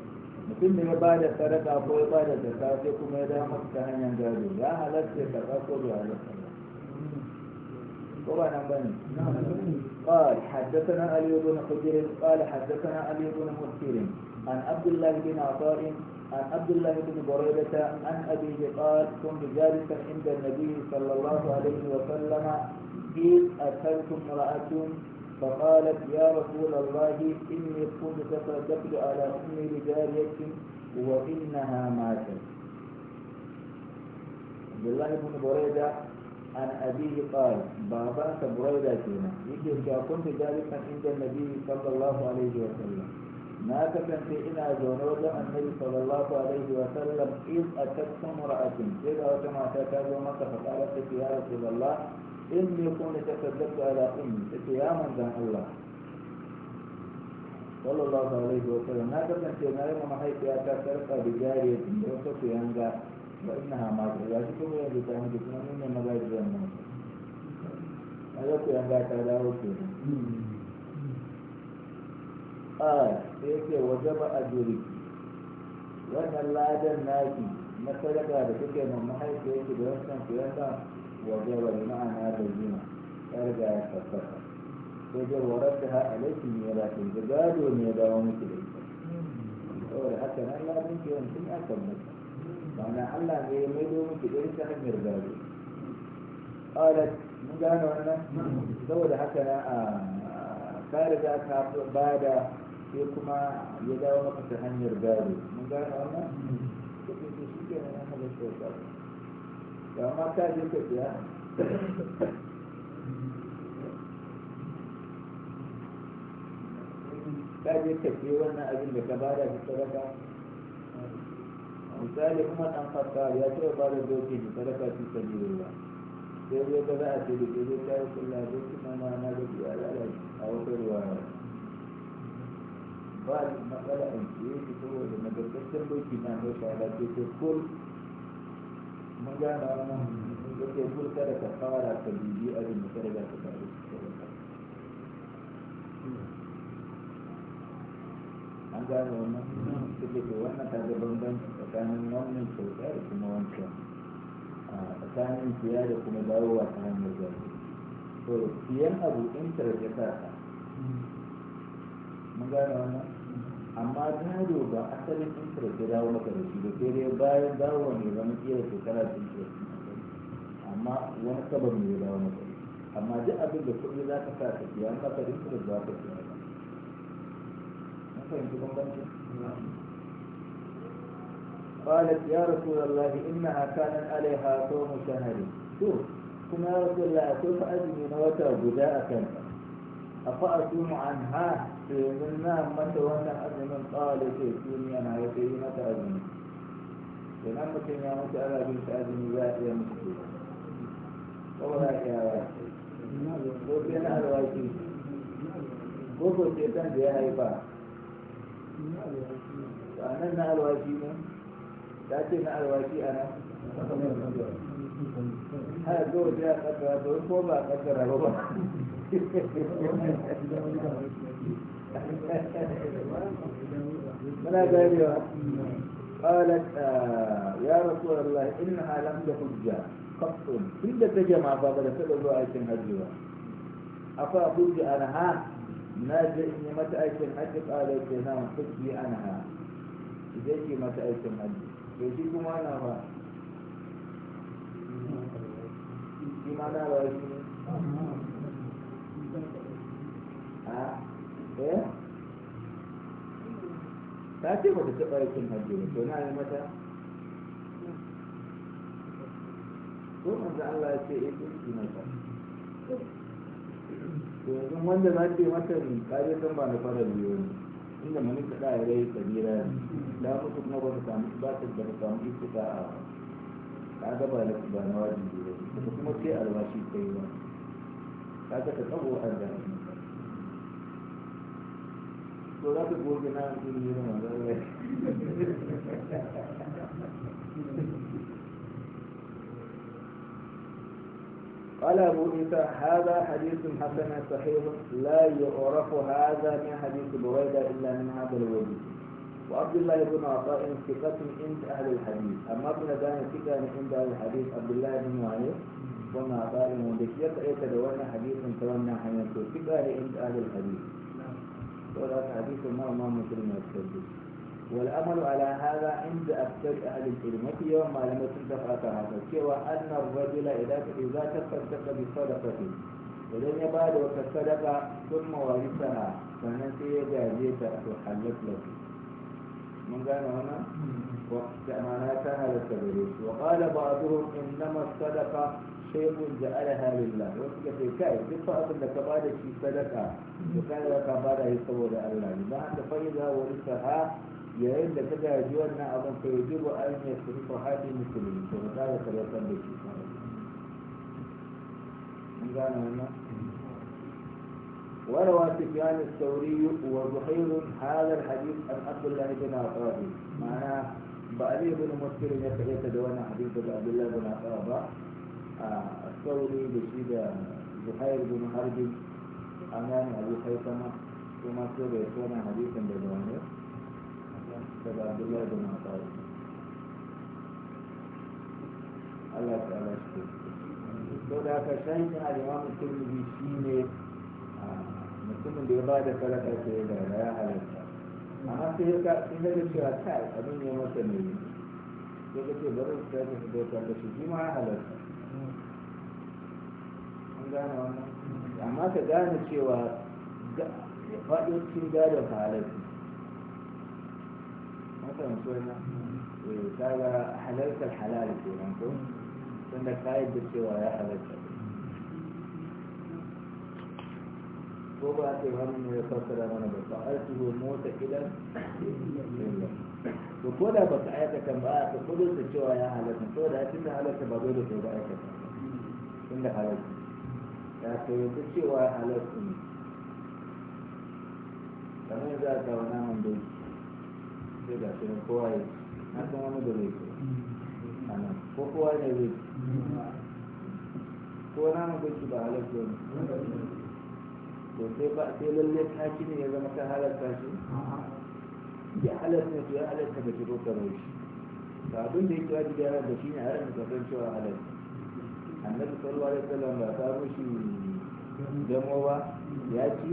A: mutum da ya ba da sadaka ko ya ba da zaka sai kuma ya dama ta hanyar gado ya halatta ka ba ko ya halatta ko ba nan bane قال حدثنا علي بن حجر قال حدثنا علي بن مسكر عن عبد الله بن عطاء عن عبد الله بن بريدة عن أبيه قال كنت جالسا عند النبي صلى الله عليه وسلم إذ أتتكم امرأة فقالت يا رسول الله إني كنت تصدقت على أمي بجارية وإنها ماتت عبد الله بن بريدة عن أبيه قال بابا بريدة كنا يجب كنت جالسا عند النبي صلى الله عليه وسلم ما كان في إنا جنود النبي صلى الله عليه وسلم إذ أتت امرأة إذا وتمعتك ومك فقالت يا رسول الله inni kuma ta kazzabta ala ummi tace ya manzan Allah sallallahu alaihi wa sallam na kasance na yi mahaifiya ta karfa da jariya da wata ku yanga ba ina hama ta ya shi kuma yanzu ta mutu kuma nuna magajiyan nan a yau ku yanga ta dawo ke a sai yake ba a jiri wannan ladan naki na sadaka da kuke ma mahaifiyarki da wancan ku yanga وجب المعنى بينه يرجع يتفقه وجب وردها عليك ميراث الجبال والميراث مثل saboda haka nan ya miki yawancin ya tabbata ma'ana Allah ne ya maido miki ɗin ta hanyar gado ƙalat mun gane wannan saboda haka na a ka bada sai kuma ya dawo maka ta hanyar gado mun gane wannan ba ma je tafiya siya ka je ka siya wannan abin da ka bada shi sadaka misali kuma dan fata ya ce ba da doki ne sadaka yi ruwa. sai zai ga za a ce da ke zai kayi kulla doki na ma na da biya lalace a wata ruwa. ba matsala a ce ko da nagartaccen doki na mai shahara ce ko magana nan yake furta da kafara ta bibi abin da ta riga ta faru an gane wannan suke ke wannan ta ga bambanci tsakanin wannan kyauta da kuma wancan tsakanin siya da kuma dawowa ta hanyar gari to siyan abu intanet ya sa mun gane wannan amma gado ba asalin interest ya dawo maka da shi da sai dai bayan dawo ne wani iya shekara da interest amma wani sabon ne ya dawo maka amma duk abin da kuɗi za ka sa ka siya an baka interest za ka siya ba na fahimci bambancin قالت يا رسول الله إنها كانت عليها صوم شهر شوف كما رسول الله أتوم أجمي نوتا غداء كنت أفأصوم عنها to na mata wannan azumin tsawa da ke duniya na ya fi mata azumi idan mutum ya mutu ana bin shi azumi za a iya mutu ko ba za a iya ba ko sai na alwaki ko ko sai kan da ya haifa to a nan na alwaki ne ta ce na alwaki a nan har zuwa ya kaddara to ko ba kaddara ba ba muna ganewa قالت يا رسول الله إنها لم تكن جاء قط كل تجمع فقد لسبب الله أيكن هجوا أفا أحج أنها ناجي إني متى أيكن هج قالت نعم حجي أنها إذا كي متى أيكن هج يجيكم أنا ما كما أنا رأيكم آه Eh? ta ce ba ta taɓa yakin hajji ba to na yi mata ko manzo Allah ya ce ya in shi na mata to yanzu wanda za ce mata ni kare san ba na fara biyo ne inda mani kada ya rai kabira da mutu kuma ba ta samu ba ta da samu istiqa a ka ga ba da ba na wajibi ba kuma sai alwashi yi ba ka ga ta tsawo a da قال أبو عيسى هذا حديث حسن صحيح لا يعرف هذا من حديث بريدة إلا من هذا الوجه وعبد الله بن عطاء ثقة عند أهل الحديث أما ابن دان ثقة عند أهل الحديث عبد الله بن معاذ وما قال من ذكرت حديث تولى حياته ثقة عند أهل الحديث ولا حديث المرء ما مسلم والأمل على هذا عند أكثر أهل العلم يوم ما لم تنتفع هذا سوى أن الرجل إذا إذا تصدق بصدقة ولن يبال وتصدق ثم ورثها فنسي جازيته تحلت له من قال هنا ومعناتها للتدريس وقال بعضهم إنما الصدقة شيء جعلها لله وفي كيف كان في صعب ان كبار شيء سلكها وكان كبار يصور الله ما عند فيها ورثها يا ان كذا جوانا او فيجب ان يصرف هذه المسلمين فهذا ثلاثه بك وروى سفيان الثوري وبحير هذا الحديث عن عبد الله بن عقابه معناه بأبي بن مسلم يتدون حديث عبد الله بن عقابه asalin da shi da zuhair bin harbi a nan abu sai sama kuma sai da yasa na hadisin da zuwane daga abdullahi bin matsawa Allah ta ala shi da aka shan shi a jama'a mutum ne shi ne mutumin da ya ba da talaka ke da raya halitta amma sai ka ina da cewa kai abin ne masa ne ya kace bari ka ga da shi ma halitta gane wannan amma ka gane cewa faɗin cikin gadon ka halarci masarar suna ta ga halartar halali ke nan ko tunda ka yadda cewa ya halarta ko ba ta yi wani ne ya fassara mana ba ba a su mota idan to ko da ba ka aikata ba ka kudu cewa ya halarta ko da tun da halarta ba dole ko ba aikata tun da halarta da yanzu cewa halatta ne kamar za a kawo naman doki sai ga shi kowa ya na san wani da zai a ko kowa ne zai ko naman doki ba halatta ne to sai ba sai lalle taki ne ya zama ta halatta shi ya halatta to ya halatta da shi ko karo shi ba abin da yake wajibi gyara da shi ne a ran da kasancewa cewa halatta annabi sallallahu alaihi wasallam ba ta mushi damo ba ya ci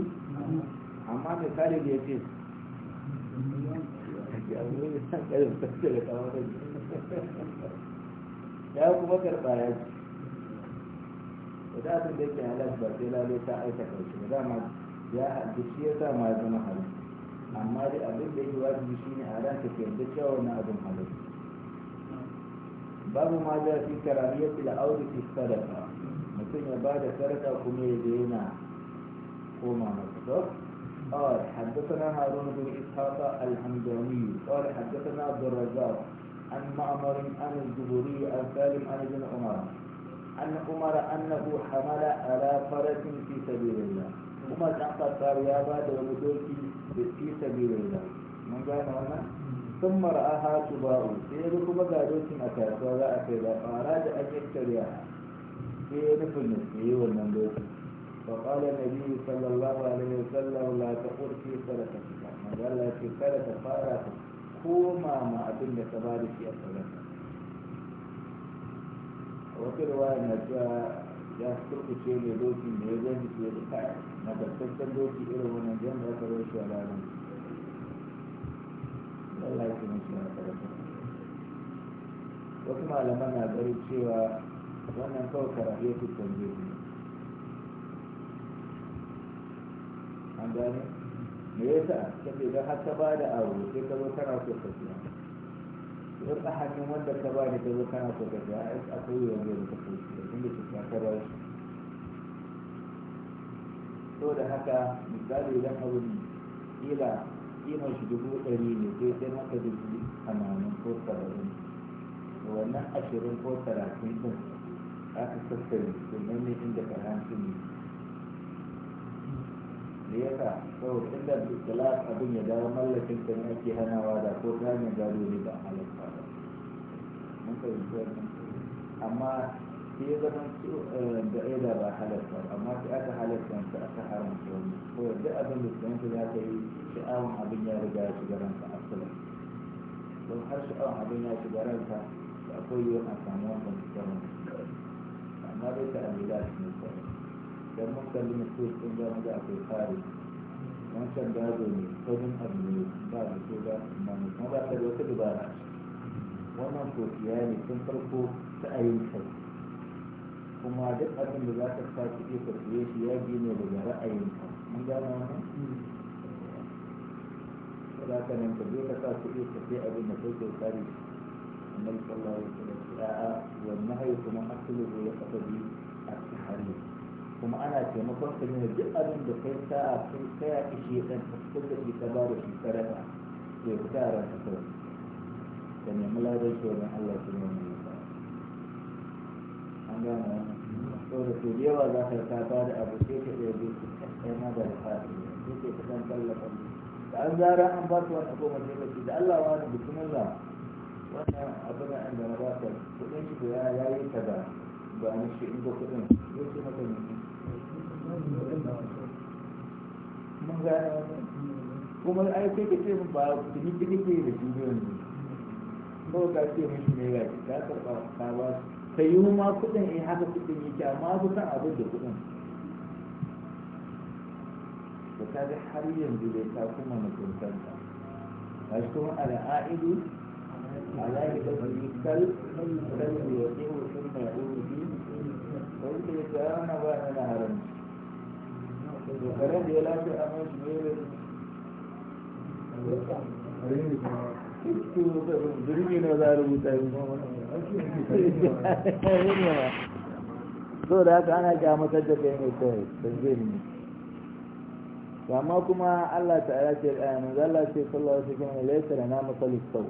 A: amma da kare da yake ya kuma karɓa ya ci da abin da yake halas ba sai lalo ta aika shi ba dama ya haɗu ya sa ma ya zama halas amma dai abin da yake wajibi shine a ranka ke yadda cewa wani abin halas babu ما جاء في كراهية da في السلفة مثل mutum ya ba da قوما مصدر قال حدثنا هارون بن اسحاق الحمداني قال حدثنا عبد الرزاق عن معمر عن الزبوري عن سالم عن ابن عمر عن عمر انه حمل على فرس في سبيل الله وما تعطى قال يا بعد ولدوك في سبيل الله من قال هنا ثم رآها تباع في ركوب قادوس أكاس ولا أكيد فأراد أن يشتريها سيد فنسي والنبوك فقال النبي صلى الله عليه وسلم لا تقول في صدقتك ما قال لا في صدقة فاراتك كوما ما أدن كبارك في صدقة وفي رواية na cewa ya kurkuce ne doki ne ya gani ke da kai na doki Allah ya taimaki na karatu wasu malaman na gari cewa wannan kawai karatu ya fitan zai ne an gane me yasa saboda har ta ba da abu sai ta zo kana so ka siya wani a hannun wanda ka bani ta zo kana so ka siya a koyi wanda ya ka ko siya inda su ka ba shi da haka misali idan abin kila kimar shi dubu ɗari ne sai sai maka dubu tamanin ko da wannan ashirin ko talatin ɗin ka sassari domin ne inda karanci ne da ya ka saboda inda bisalat abin ya dawo mallakin ka ne ake hanawa da ko ta gado ne ba halin ba mun fahimci wannan amma sai ya zama su da ya da ba halatta amma sai aka halatta ta aka haramta wani ko duk abin da tsananta za ka yi sha'awan abin ya riga ya shiga ranka a kullum don har sha'awan abin ya shiga ranka da akwai yiwuwar a samu wannan tsaron amma dai ta amila su ne kawai don mun kalli mutum sun ga maza akwai fari wancan gado ne kudin abu ne ba da so ba amma ne kuma ba ta da wata dubara wannan kofiya ne tun farko ta ayyukan kuma duk abin da za ka sa ki iya karɓe shi ya bi ne daga ra'ayin mun gane wannan da haka nan ka je ka sa ki iya karɓe abin da kai kai tsari annabi sallallahu alaihi wasallam a'a wannan hayi kuma asluhu ya kasabi at-tahrim kuma ana taimakon ka ne duk abin da kai sa kai kaya ishe dan ka da shi ka ba da shi sadaka ke fita ran ka kawai ka nemi ladan shi wajen Allah subhanahu an gane to da yawa za ka yi kafa da abu sai ka iya bi kai ma da ta tallafa da an zara an ba su wani goma sai ka da Allah wani bikinin la wannan abu na inda na ba ka kuɗin shi da ya yi kaza ba ni shi in ga kuɗin zai ce maka ne mun gane wannan kuma ai sai ka ce ba kuɗi kuɗi ke da shi ne ka ce mishi ne ce ta karɓa ba su ta ma kudin in haka kuɗin yake amma su san abin da kudin da ta ga har yanzu bai ta kuma mutuntarsa a cikin al'a'idu ala yi da wani kal kal da ya ce mutum mai urufi wanda ya ga ana ba na na haramci karen da ya lafi a mai shi ne zurbi na za a rubuta yi so da haka ana kyamatar da kai mai kawai tanzini ne amma kuma Allah ta ala ce a eh, yanzu Allah ce sallallahu alaihi wasallam laysa lana masalus sau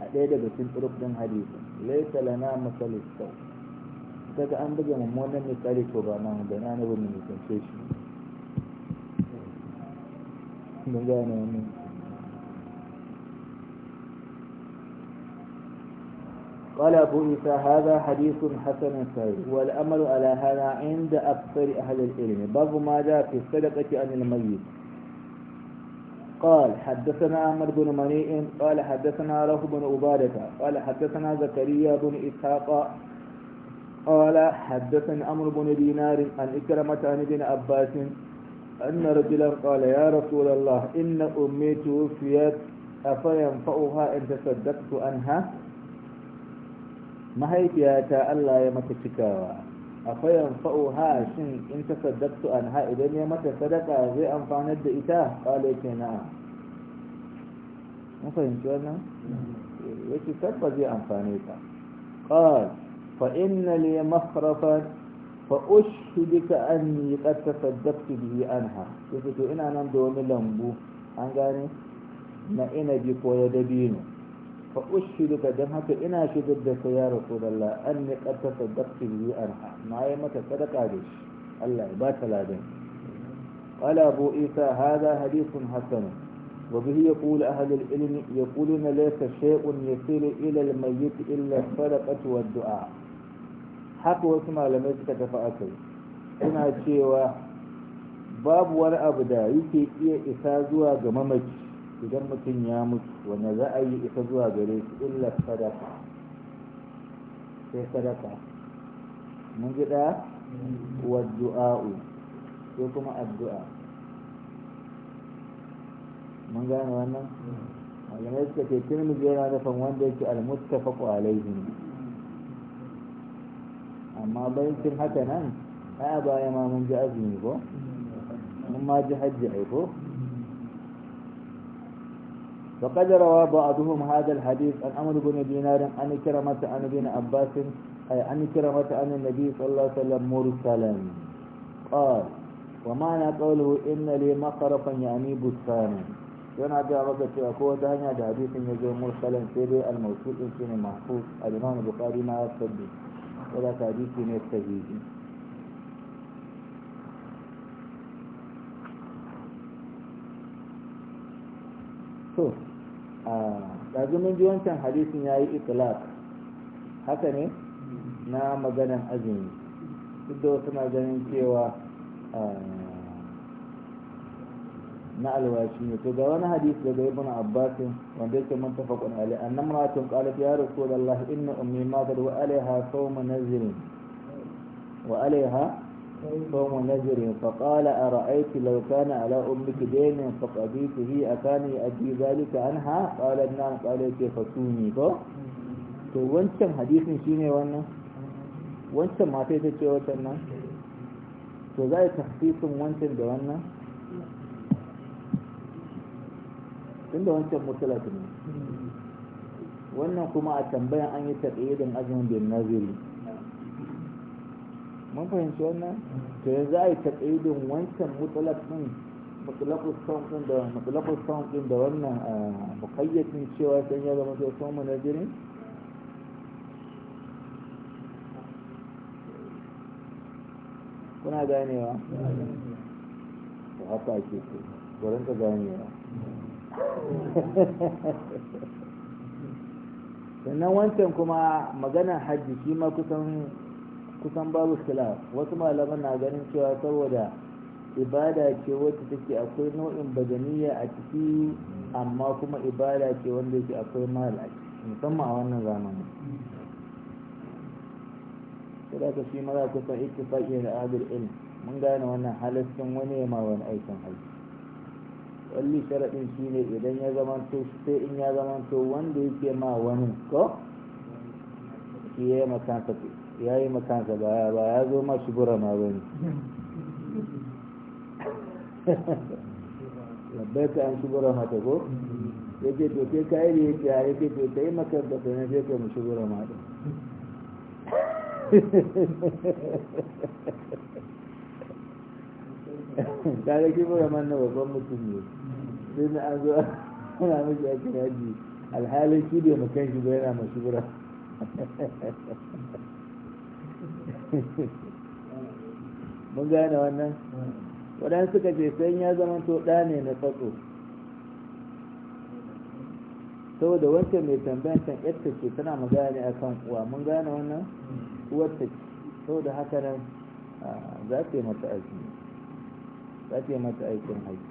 A: a ɗaya daga cikin turuk din hadisi laysa lana masalus sau kaga an buga mummunan misali ko ba nan da na nabi mun kance shi mun gane wannan قال أبو عيسى هذا حديث حسن سعيد والأمل على هذا عند أكثر أهل العلم باب ما جاء في الصدقة عن الميت قال حدثنا أحمد بن منيع قال حدثنا له بن عبادة قال حدثنا زكريا بن إسحاق قال حدثنا أمر بن دينار عن إكرمة عن ابن عباس أن رجلا قال يا رسول الله إن أمي توفيت أفينفعها إن تصدقت عنها mahaifiyata Allah ya mata cikawa akwai yanfa'u ha shin in ta saddaktu an ha idan ya mata sadaka zai amfanar da ita kala ke na'a mun fahimci wannan yake tabba zai amfane ta qal fa inna li mahrafan fa ushhidika anni qad tasaddaqtu bihi anha yace to ina nan da wani lambu an gane na inabi ko ya dabino fa ushiduka dan haka ina shigar da ka ya rasulullah anni qad tasaddaqtu bi na yi mata sadaka da shi Allah ya ba ta ladan qala abu isa hada hadithun hasan wa bihi yaqul ahli al-ilm yaquluna laysa shay'un yasilu ila al-mayyit illa as-sadaqatu wad-du'a haka wasu malamai suka tafi akai suna cewa babu wani abu da yake iya isa zuwa ga mamaci idan mutum ya mutu wanda za a yi ita zuwa gare shi illa sadaka sai sadaka mun ji ɗaya wa du'a'u sai kuma addu'a mun gane wannan malamai suka ce tirmidhi yana nufin wanda yake a alaihi amma bayan haka nan a baya ma mun ji azumi ko mun ma ji hajji ai ko وقد روى بعضهم هذا الحديث عن عمر بن دينار عن كرمة عن ابن عباس أي عن كرمة عن النبي صلى الله عليه وسلم مرسلا قال ومعنى قوله إن لي مقرفا يعني بستانا yana da maka cewa ko wata hanya da hadisin ya zo mursalan إن dai al-mawsul din ما يصدق ولا imam Bukhari ma so a mun ji wancan hadisin ya yi itilaf haka ne na maganin azumi duk da wasu na ganin cewa na alwashi ne to ga wani hadisi daga ibn abbas wanda yake muttafaqun alai annam ratun qalat ya rasu rasulullah inna ummi matat wa alaiha sawmu nazrin wa alaiha صوم نذر فقال أرأيت لو كان على أمك دين فقضيته أكان يؤدي ذلك عنها قال نعم قال كيف تصومي to wancan hadisin shine wannan wancan mata ta ce wancan nan to za a tafsirin wancan da wannan tunda wancan musulatu ne wannan kuma a tambayan an yi taɗe da azumin mun fahimci wannan to yanzu a yi taƙaidin wancan mutulak ɗin mutulakul sound da wannan ah, muƙayyacin cewa sun ya zama sai sun munajirin kuna ganewa ta haka ake ce gurin ka ganewa sannan wancan kuma maganar hajji shi ma kusan kusan babu sila wasu malaman na ganin cewa saboda ibada ce wacce take akwai nau'in bajaniya a ciki amma kuma ibada ce wanda yake akwai mara a ciki musamman a wannan zamanin sai da fi mara kusan ittifaqi da abul ilm mun gane wannan halaccin wani ya ma wani aikin hajji walli sharaɗin shi ne idan ya to sai in ya to wanda yake ma wani ko shi ya yi makansa ya yi makansa baya ba ya zo masu burama ba ne labbai ka an shubura mata ko ya ce to ke ka yi da ya ce ya ce to ta yi makar da sanar sai ke mu shubura mata ta da shubura man na babban mutum ne sai na an zo ana mashi ake yaji alhalin shi da mu kan ba yana mashubura mun gane wannan waɗansu suka ce sai ya zama to ɗa ne na tsatso saboda wancan mai tambayan can yadda ce tana magana ne kan uwa mun gane wannan ta ce saboda haka nan za ta yi mata azumi za ta yi mata aikin haji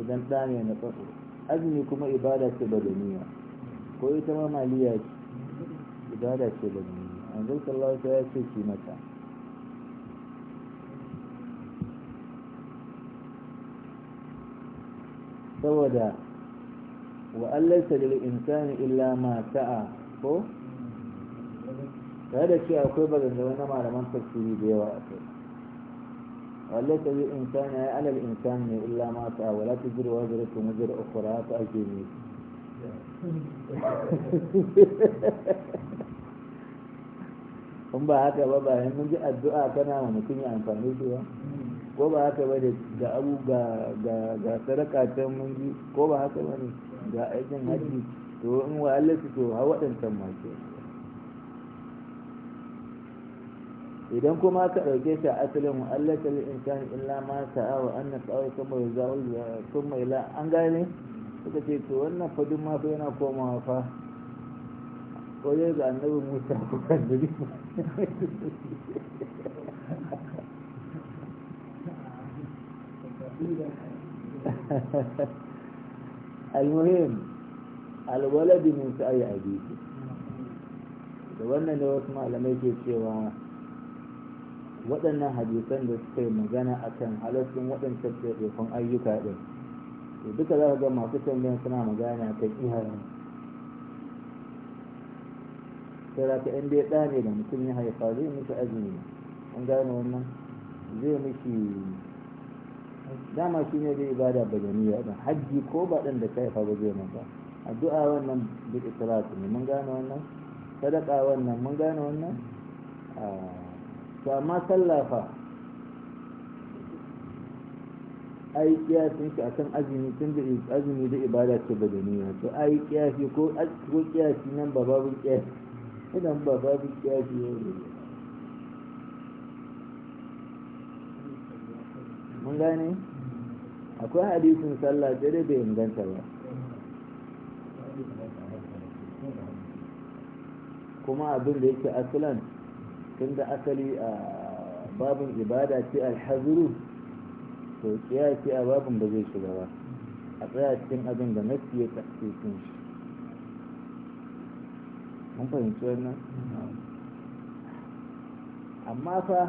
A: idan ɗa ne na tsatso azumi kuma ibada ce ba badaniya ko ita ma maliya ce ibada ce ba da manzo sallallahu alaihi wasallam ya ce ki mata saboda wa allaisa lil insani illa ma sa'a ko tare da cewa akwai bazanzawa na malaman tafsiri da yawa akai wallaita lil insani ya alal insani ne illa ma sa'a wala tujru wa zaratu mujr ukhra ta ake in ba haka ba ba mun ji addu'a kana wa mutum ya amfani shi ba ko ba haka ba da abu ga sadaka ta mun ji ko ba haka ba ne ga aikin haji to in wa Allah su to ha waɗancan masu idan kuma ka ɗauke shi a asalin wa Allah ta lil insani illa ma sa'a wa anna sa'a kuma yazawul kuma ila an gane suka ce to wannan fa duk ma fa yana komawa fa ko dai ga annabi Musa ko annabi Musa المهم الولد من سأي أبيه wannan da wasu malamai ke cewa waɗannan hadisan da suka yi magana a kan halittun waɗancan taimakon ayyuka ɗin to duka za ka ga masu tambayan suna magana kan iharin sai da in dai ne da mutum ya haifa zai mutu azumi an gane wannan zai mishi dama shi ne zai ibada ba jami'a ba hajji ko ba ɗan da ka haifa ba zai maka addu'a wannan duk isra'atu ne mun gane wannan sadaka wannan mun gane wannan ah, to amma tallafa fa ai kiyasin shi akan azumi tun da azumi da ibada ce jami'a to ai kiyasi ko ko kiyasi nan ba babu kiyasi idan ba babu kyafi ne mun gane akwai hadisin sallah da dai bai inganta ba kuma abin da yake asalan tun da asali a babin ibada ce alhazuru to tsaya ce a babin da zai shiga ba a tsaya cikin abin da nasi ya tafi shi mun fahimci wannan amma fa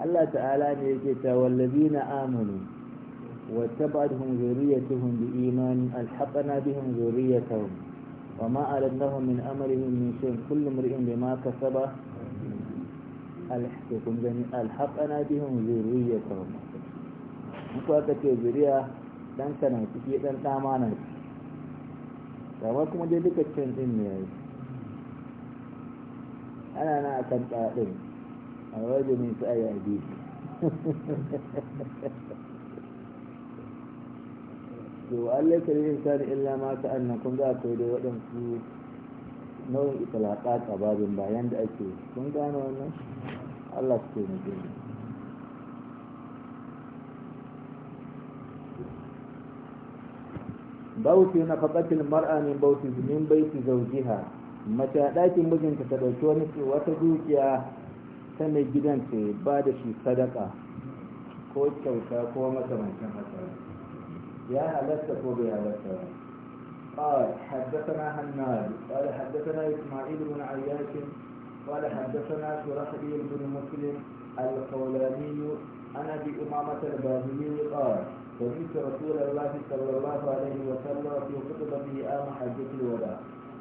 A: Allah ta'ala ne yake ta wallabi na amanu wata ba da hun zuriya tuhun da imanin alhaƙana bi hun zuriya tahun wa ma'alar nahun min amarihin min shi kullum ri'in da ma ka saba kun gani alhaƙana bi hun zuriya tahun muku aka ce zuriya ɗanka na ciki ɗan ɗama na ciki kamar kuma dai duka can ɗin ne ya yi ana na a kan tsadin a wajen nisa su yadi abi to allai kare insani illa ma ta annan kun a akwai da waɗansu nau'in italaka a babin bayan da ake kun gane wannan allah su ke nufi bauti na faƙatil mar'a min bauti min baiti zaujiha mace a ɗakin mijinta ta ɗauki wani wata dukiya ta mai gidan ta ba da shi sadaka ko kyauta ko mata makamancin haka ya halatta ko bai halatta ba قال حدثنا حناد قال حدثنا إسماعيل بن عياش قال حدثنا شرحبيل بن مسلم القولاني عن أبي أمامة قال سمعت رسول الله صلى الله عليه وسلم في خطبته آم حجة الوداع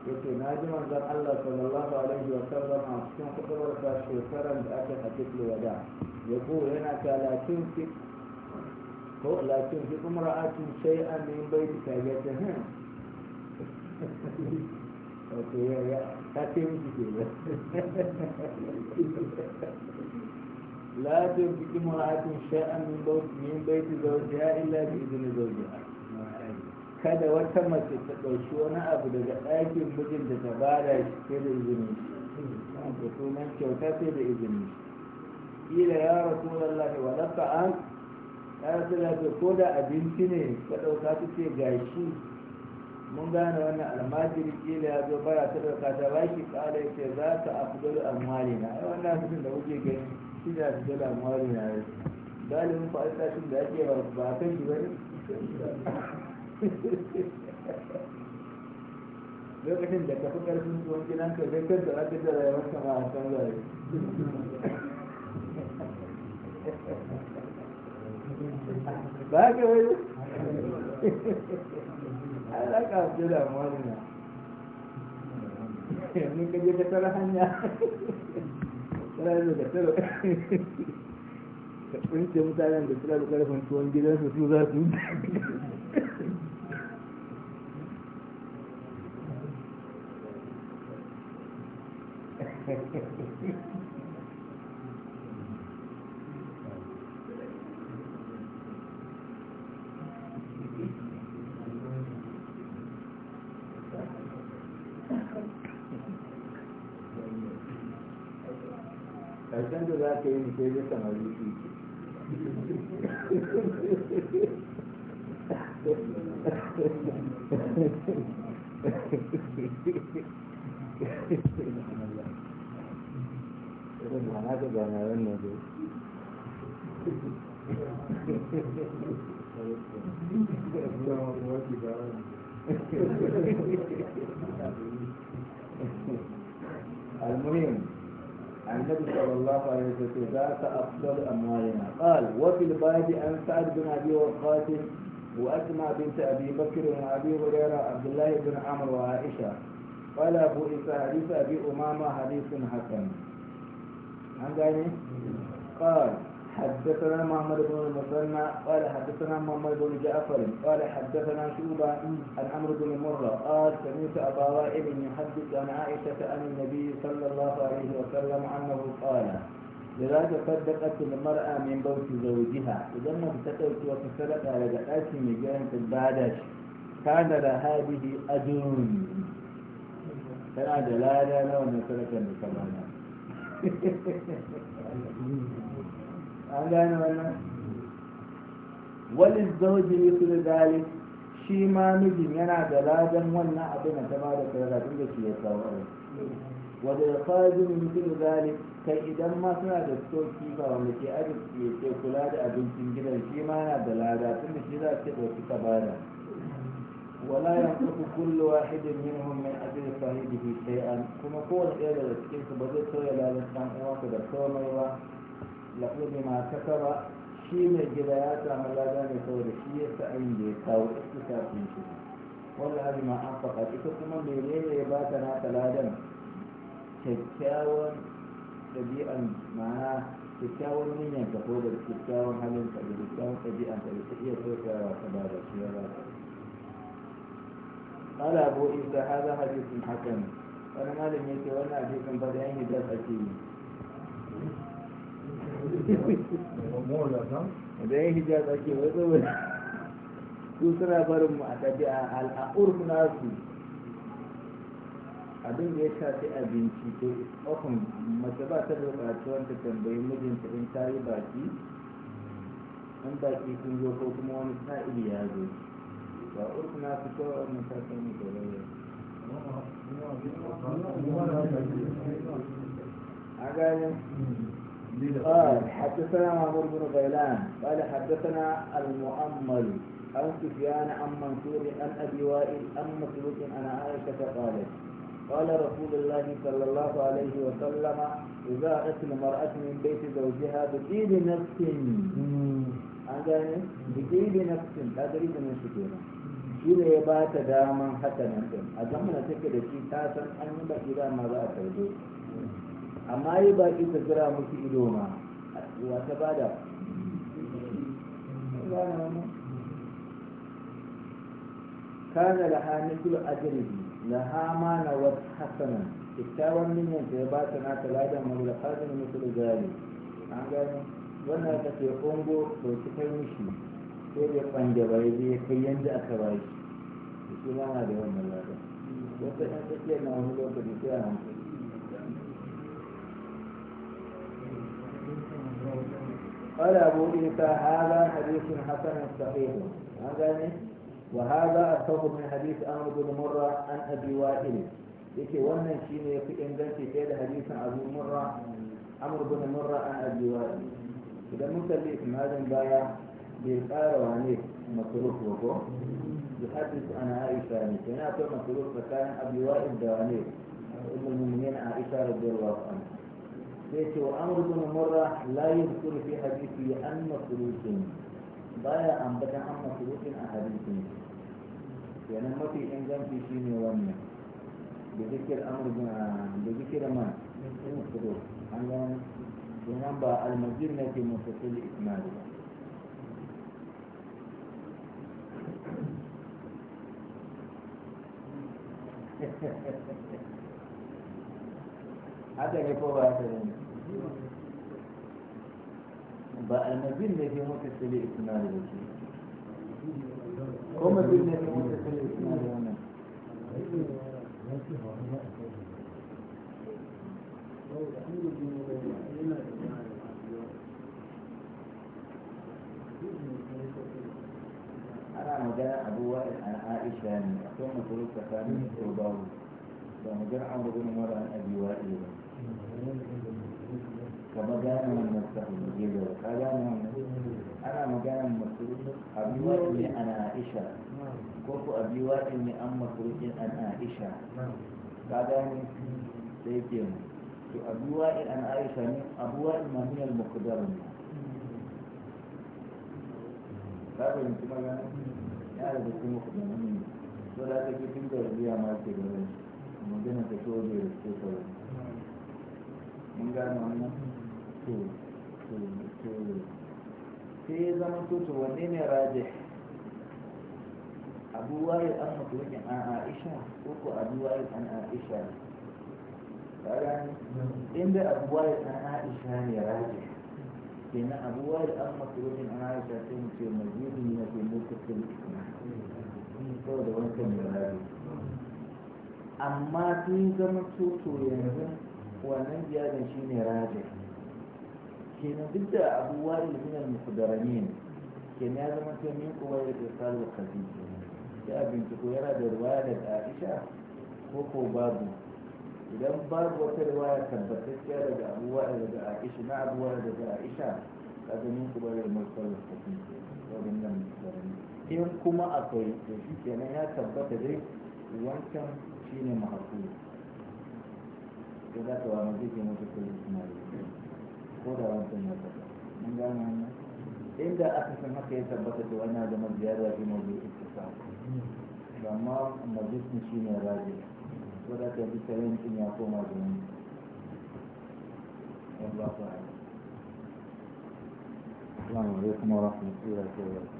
A: yake na ji manzon Allah sallallahu alaihi wa sallam a cikin kudurar sa shekaran da aka hajjul wada ya ko yana ta lakin fi ko lakin fi umra'atin shay'an min baiti sajatiha wato ya ya ta ce miki ke ba la tunfiqu imra'atun shay'an min baiti min baiti zawjiha illa bi idni zawjiha kada wata mace ta ɗauki wani abu daga ɗakin mijinta ta bada shi ke da izini da sunan kyauta sai da izini ila ya rasu lallahi wa lafa an ya rasu lafi ko da abinci ne ka ɗauka ta ce gashi mun gane wannan almajiri ila ya zo baya ta ɗauka ta ba shi ƙala ya za ta afdalu amwali na ai wannan abin da kuke gani shi da afdalu amwali na ya galibin fa'ita shi da ake ba a kan shi ba ne lokacin da tafi karfin tuwon kinan ka zai a san rayu ba ka wani an da yanzu ka je ka tara hanya tara da ka tara ka mutanen da karfin tuwon su za su ƙarshen da za ka yi ne
B: shi
A: المهم النبي صلى الله عليه وسلم ذات أفضل أموالنا قال وفي الباب عن سعد بن أبي وقاص واسمى بنت أبي بكر وأبي هريرة عبد الله بن عمرو وعائشة قال أبو إسحاق حديث أبي أمامة حديث حسن قال حدثنا محمد بن المثنى قال حدثنا محمد بن جعفر قال حدثنا شوبة عن عمرو بن مرة قال سمعت أبا وائل يحدث عن عائشة عن النبي صلى الله عليه وسلم أنه قال إذا تصدقت المرأة من بوت زوجها إذا ما تتقلت وتصدق على من مجان تبادش كان لها به أجر كان دلالة لو أن صدقا بكمالها an gane wannan wani zauji misali zalik shi ma mijin yana da ladan wannan abin da ta da karatun da shi ya sauran wanda ya faji misali zali kai idan ma suna da stoki ba wanda ke ajiye ya kula da abincin gidan shi ma yana da lada tun da shi za a ce ɗauki ta bada ولا ينقص كل واحد منهم من أجل صاحبه شيئا كما قول إلى الاسكين فبدأت إلى الاسكين وقد إوا لقد ما كتب شيء من الجبايات عمل داني يصور شيء فأين يكاو اكتساب من شيء ولا هذه ما أنفقت إكتما بيليه يباتنا ثلاثا كتاوا ɗabi'an ma'ana kyakkyawan niyyar ka ko da kyakkyawan halin ka da kyakkyawan ɗabi'an ka da ta iya sauƙawa ta ba da shi ya ba قال أبو عيسى هذا حديث حسن وأنا ما لم يأتي وأنا حديث بدأين لا تأتيه بدأين لا تأتيه ويقول سوسرا برم أتبع الأقرب ناسي abin da ya shafi abinci to ofin mace ba ta da buƙatuwar ta tambayi mijinta in ta yi baki in baki sun zo ko kuma wani sa'ili ya zo وأثنى بسرعة المساكين الجلالية قال حدثنا عمر بن غيلان قال حدثنا المؤمل عن سفيان عن منصور عن ابي وائل عن مسلوك عن عائشه قالت قال رسول الله صلى الله عليه وسلم اذا اتى المراه من بيت زوجها بكيد نفس عن ذلك بكيد نفس تريد من الشكوى shi ne ya ba ta daman haka nan din a zamanin take da shi ta san an yi baki dama za a tarbe amma yi baki ta jira musu ido ma wa ta ba da kana laha mitul ajri laha ma na wat hasana kyakkyawan niyyar ta ya ba ta na ladan mallaka da mitul gani an gani wannan ta ce kongo to cikin mishi قال أبو إيسى هذا حديث حسن صحيح هذا وهذا أصوب من حديث أمر بن مرة عن أبي وائل لكي وانا شين يقين ذلك في حديث أبو مرة أمر بن مرة عن أبي وائل إذا مثل الإسم هذا مبايع bai kara wane matsuruf ba ko da hadis ana aisha ne ke na to matsuruf tsakanin abuwa inda wane umar mummin a aisha da biyar wasu an sai ce wa amur bin murra layin surufi hadisi ya an matsurufin baya ambatan an matsurufin a hadisi ne mafi inganci shine ne wannan da zikir amur bin a da zikir man matsuruf an gan sunan ba almajir ke matsuruf ikmali ba haka ne ko ba ne ba ne ke da
B: ko ne ke wannan
A: Thank you. ana magana abu wa'il an aisha ne a kan mutum tsakanin turbaru ba magana an na mara an abi wa'il ba ka magana wannan sa'in da gebe da ka gane wannan ana magana masurukin abi wa'il ne an aisha ko ku abi wa'il ne an masurukin an aisha ka gane sai ke to abi wa'il an aisha ne abu wa'il mahimiyar mukudar ne ka fahimci magana ya da kuma kuɗin to da ta kifin tarbiya ma ke da wani magana ta ko da ya ke kawai mun gane wannan to to to sai ya zama to to wanne ne raje abu wari an mutuwakin a aisha ko ko abu wari an aisha ne kaga inda abu wari an aisha ne raje كنا أبو وائل أم مسعود ke عائشة ke مزيد من الجنود في saboda wancan murari amma sun zama toto yanzu wannan da shi ne rajin kenan duk da abubuwa da suna mukudarani ne kenan ya zama ta min kuwa da tsar da kazi ya binciko yana da ruwa da aisha ko ko babu idan babu wata riwaya tabbatacciya daga abuwa daga aisha na abuwa daga aisha ka ganin ku bare mursal kafin wurin nan in kuma akwai to shi kenan ya tabbata dai wancan shine mahakuri ko za ta wani zai ke mutu kullum suna yi ko da wancan ya tabbata mun gane wannan inda aka san haka ya tabbata to ana zama ziyara fi mawdu'i ittisal amma majlisin shine rajin ko da ka duka yankin ya koma da yanki Allah ba Assalamu alaikum wa rahmatullahi wa barakatuh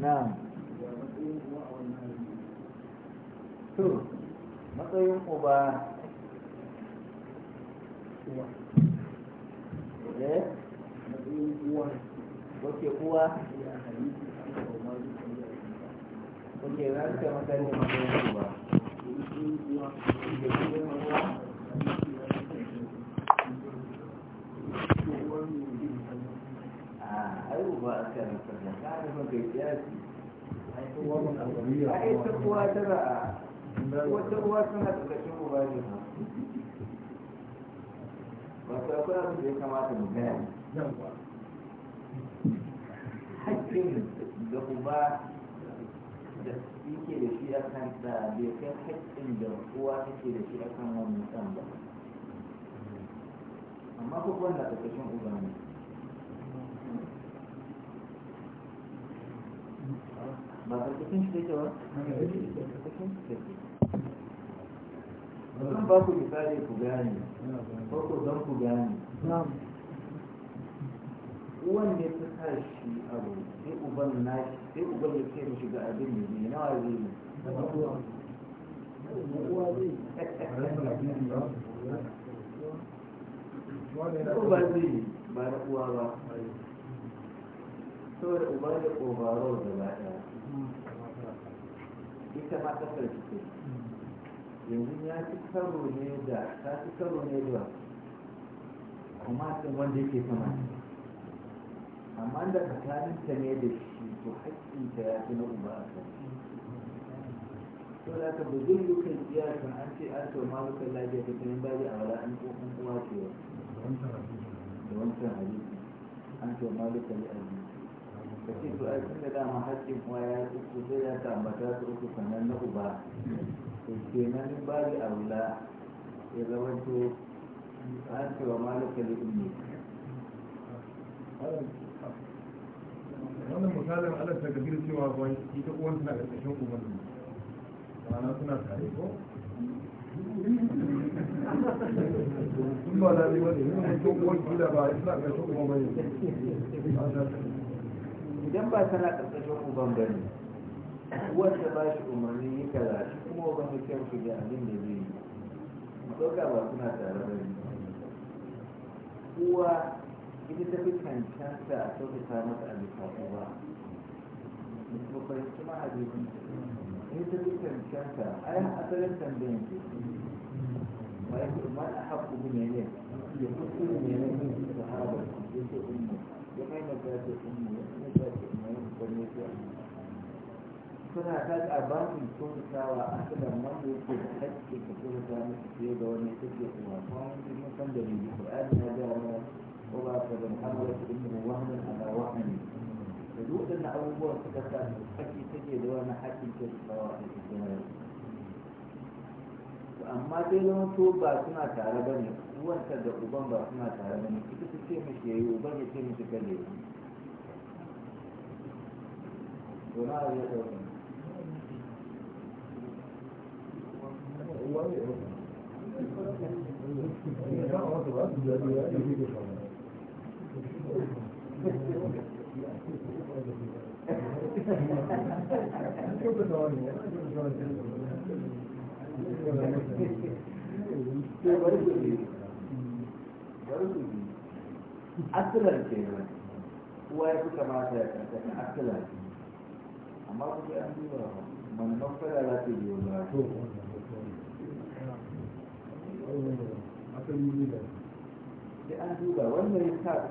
A: نعم matsayin uba wace eh? uwa wace ranka matsayin matsayin uba a ai kai a kan sarrafa da mafi kai a ita kuwa tana wata uwa suna ƙarƙashin uba ne wasu akwai abin da ya kamata mu gaya hakkin da uba da yake da shi a ɗa bai kai hakkin da uwa take da shi akan wannan ɗan ba amma kuma wanda ƙarƙashin uba ne ba karkashin shi take ba zan ba ku misali ku gane farko zan ku gane uwan ne ta shi abu sai uban na sai uban ya ce mishi ga abin da ne nawa zai yi ko ba zai yi ba na uwa ba saboda uba da ƙobarau da ba ɗaya ita ma ta sarki yanzu ya ci karo ne da ta ci karo ne da kuma sun wanda yake sama amma da tsakanin ta ne da shi to haƙƙin ta ya fi na umar a kan to da ka bugin dukkan iyakan an ce an to malukan lafiya ta kanin bari a wala an kuma kuma ce da wancan hadisi an to malukan lafiya ka ce to ai tunda dama haƙƙin uwa ya uku sai ya tambata su uku sannan na uba to kenan in ba da aula ya zamanto an ce wa malaka da ilmi wannan misalin alasta ga bir cewa wai ita uwan tana ƙarƙashin uban ma'ana suna tare ko
B: sun ba da ne wani yin mutum uwan gida
A: ba suna ƙarƙashin uban bane idan ba tana ƙarƙashin uban ba ne wanda ba shi umarni yi kaza shi kuma uban ya kyan shi da abin da zai yi mu ɗauka ba suna tare da ni uwa ita ta fi cancanta a kyautata mata a bisa uwa ba fahimci ma hadisin ita ta fi cancanta a yan asalin tambayin ke ma ya fi umar a haƙƙu ne ne ya fi ne ne ne su haɓar ya ce ummu ya maimaita ce ummu ya gwamnati a suna ta tsabanin kyautatawa a kiran wanda yake da haƙƙi ka kyautata musu fiye da wani take kuma kuma mun san da bibi Qur'ani ya ga mana ko ba ka da Muhammad ibn Wahab ala Wahab da dukkan abubuwan suka sa haƙƙi take da wani haƙƙin kyautatawa a cikin amma sai zama to ba suna tare ba ne uwanta da uban ba suna tare ba ne ita su ce mishi yi uban ya ce mishi kalle asalar kenan ya fi kamata ya karkata amma kuke an duba manufar fada za ta biyo ba to sai an duba wannan ya sa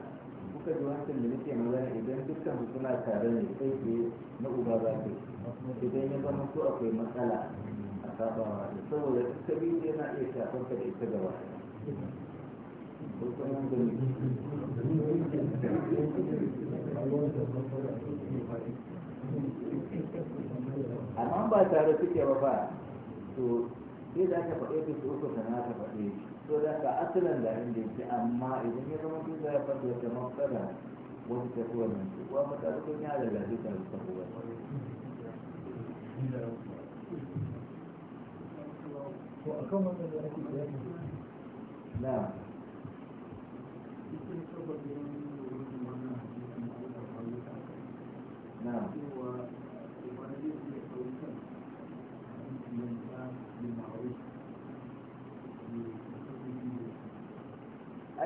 A: kuka ji wancan da nake magana idan dukkan su suna tare ne kai ke na uba za ta idan ya zama ko akwai matsala a sabawa da saboda ta biyu yana iya shafar ka da ita gaba Thank you. amma ba tare suke ba ba to sai za ka faɗe ta so ka na ka faɗe to da ka asalin da inda yake amma idan ya zama sun zara fata wata matsala wasu tafiya nan su kuwa matsala kun yada da su ta rufa kuwa to a kan wannan da na na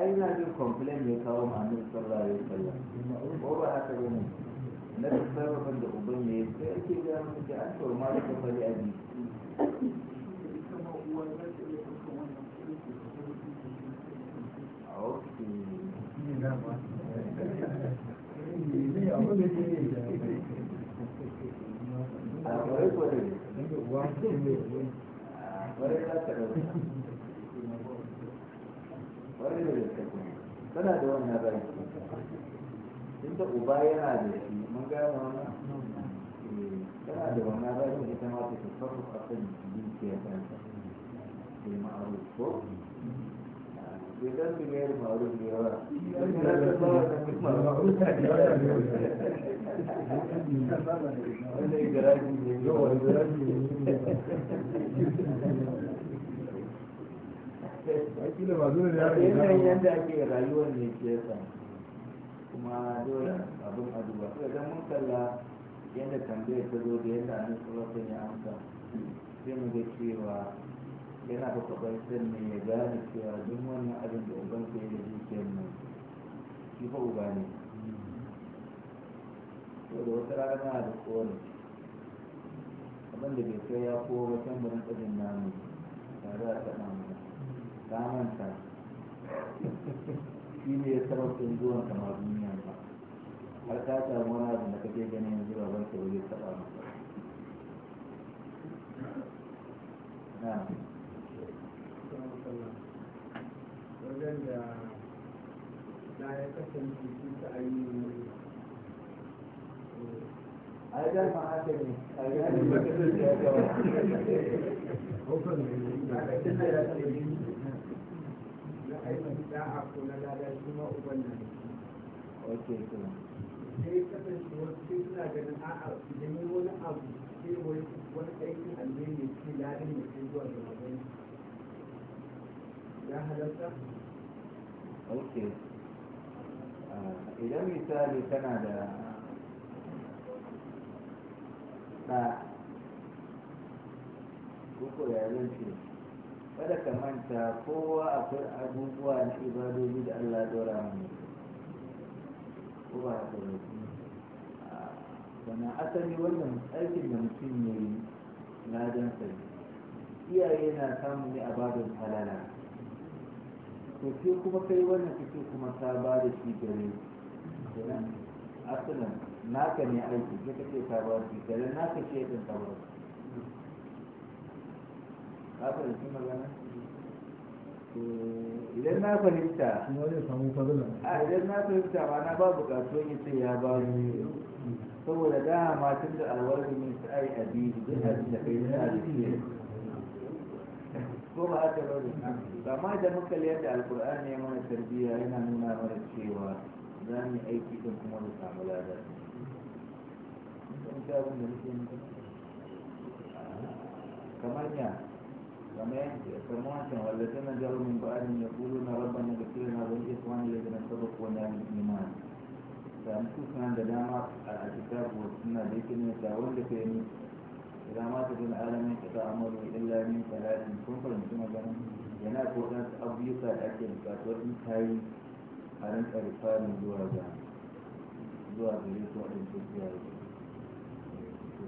A: ai na jin complain ya kawo ma annabi sallallahu alaihi wasallam ko ba haka bane na sarrafin da uban ya yi sai ake ga mutum da an tsoro ma da fari a biyu ah, ah, wani da gaske tana da wannan rai inda uba yana da shi mun gaya wannan tana eh, da wannan rai da ita ma ta tafaru a kan dukiyar ɗansa sai ma'aruf ko idan su da ma'aruf da yawa wanda ya garaji ne garaji
B: ne akila ba zuwa ya rage yanayin yadda ake
A: rayuwar ne ke yasa kuma dole abin a duba sai idan mun kalla yadda tambayar ta zo da yadda an tsoron ya amsa sai mu ga cewa yana da kwakwalwar ne ya gane cewa duk wannan abin da uban sai da dukiyar mu, shi fa uba ne to da wata rana da kowane abin da bai kai ya kowa ba can barin tsajin namu tare da ɗan ramanta shi ne ya sababta zuwan kama duniya ba har ka samu wani abu da kake ganin yanzu ba ban ba zai taba maka wajen da na ya kasance shi ta ainihin ne a gani ba ta da sai kasance wasu suna ganin a'a idan wani abu sai wani aikin alheri ne ke ladin da ke zuwa da wani ya halarta? ok ah, idan misali tana da ɗa ko ya zan ce kada ka manta kowa akwai abubuwa na ibadoji da Allah dora mu ko ka yi wannan asali wannan aikin da mutum ya yi na dan sai iyaye na samu ne a babin halala to sai kuma kai wannan kike kuma ka ba da shi gare asalin naka ne aiki kake ka ba shi gare naka ce din ka a fahimci magana idan na fahimta idan na fahimta ma na ba bukatu ya ce ya ba ni saboda dama tun da alwarin min su ai abi duk abin da kai na alfiye ko ba haka ba ne amma da muka liyar da alkur'ani ya mana tarbiyya yana nuna mana cewa za mu aiki din kuma mu samu lada kamar ya كما أنتم والذين جاءوا من بعدهم يقولون ربنا اغفر لنا ولإخواننا الذين سبقونا بالإيمان فأنتم كان دام الكتاب والسنة لكن يتعود لكم إذا مات في العالم قطع عمله إلا من ثلاث كن فأنتم جاءوا yana ko ɗan abubuwa da ake bukatu wasu kayi a ran ƙarfarin zuwa ga zuwa ga yi su waɗansu zuwa ga.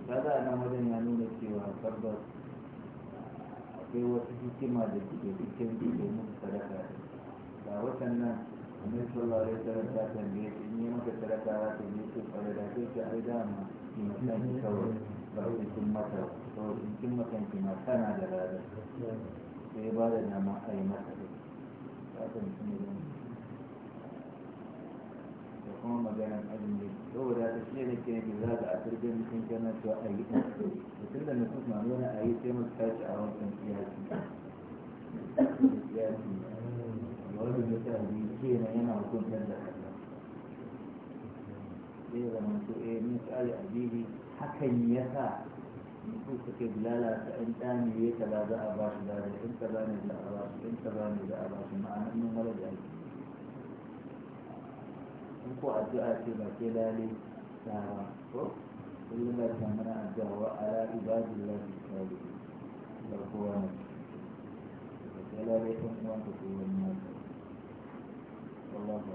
A: Kaza a nan wajen ya nuna cewa tabbas akwai wata hikima da ke cikin domin sadaka ga watan nan annabi sallallahu alaihi wasallam ta tambaye shi in yi maka sadaka za ta yi su fara da kai ta ai dama ki mata kawai ba ki kin mata kawai in kin mata ma da rada sai ba da dama ai mata ta مفهوم مجانا أجنبي هو ده تسليم كان جزاز أتربي مكين كان شو أي مثل ده نكون معلومة أي شيء مستحش أعوان كان فيها شيء فيها شيء الوالد المثال دي شيء نعينا وكون كان ده حتى إذا من سوء إيه؟ من سؤال أبيدي حكا يسا نكون سكي بلالا فإنت آمي يتبا ذا أباش ذا أنت باني ذا أباش أنت باني ذا أباش in ko addu'a ce ba ke lale tsawa ko kullum da ta mana addu'a wa ala ibadin lafi tsari ba kowa ne ba ke lale kan kuma ka ke wani mata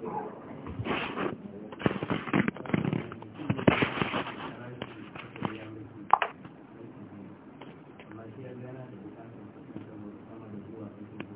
A: ba a'lam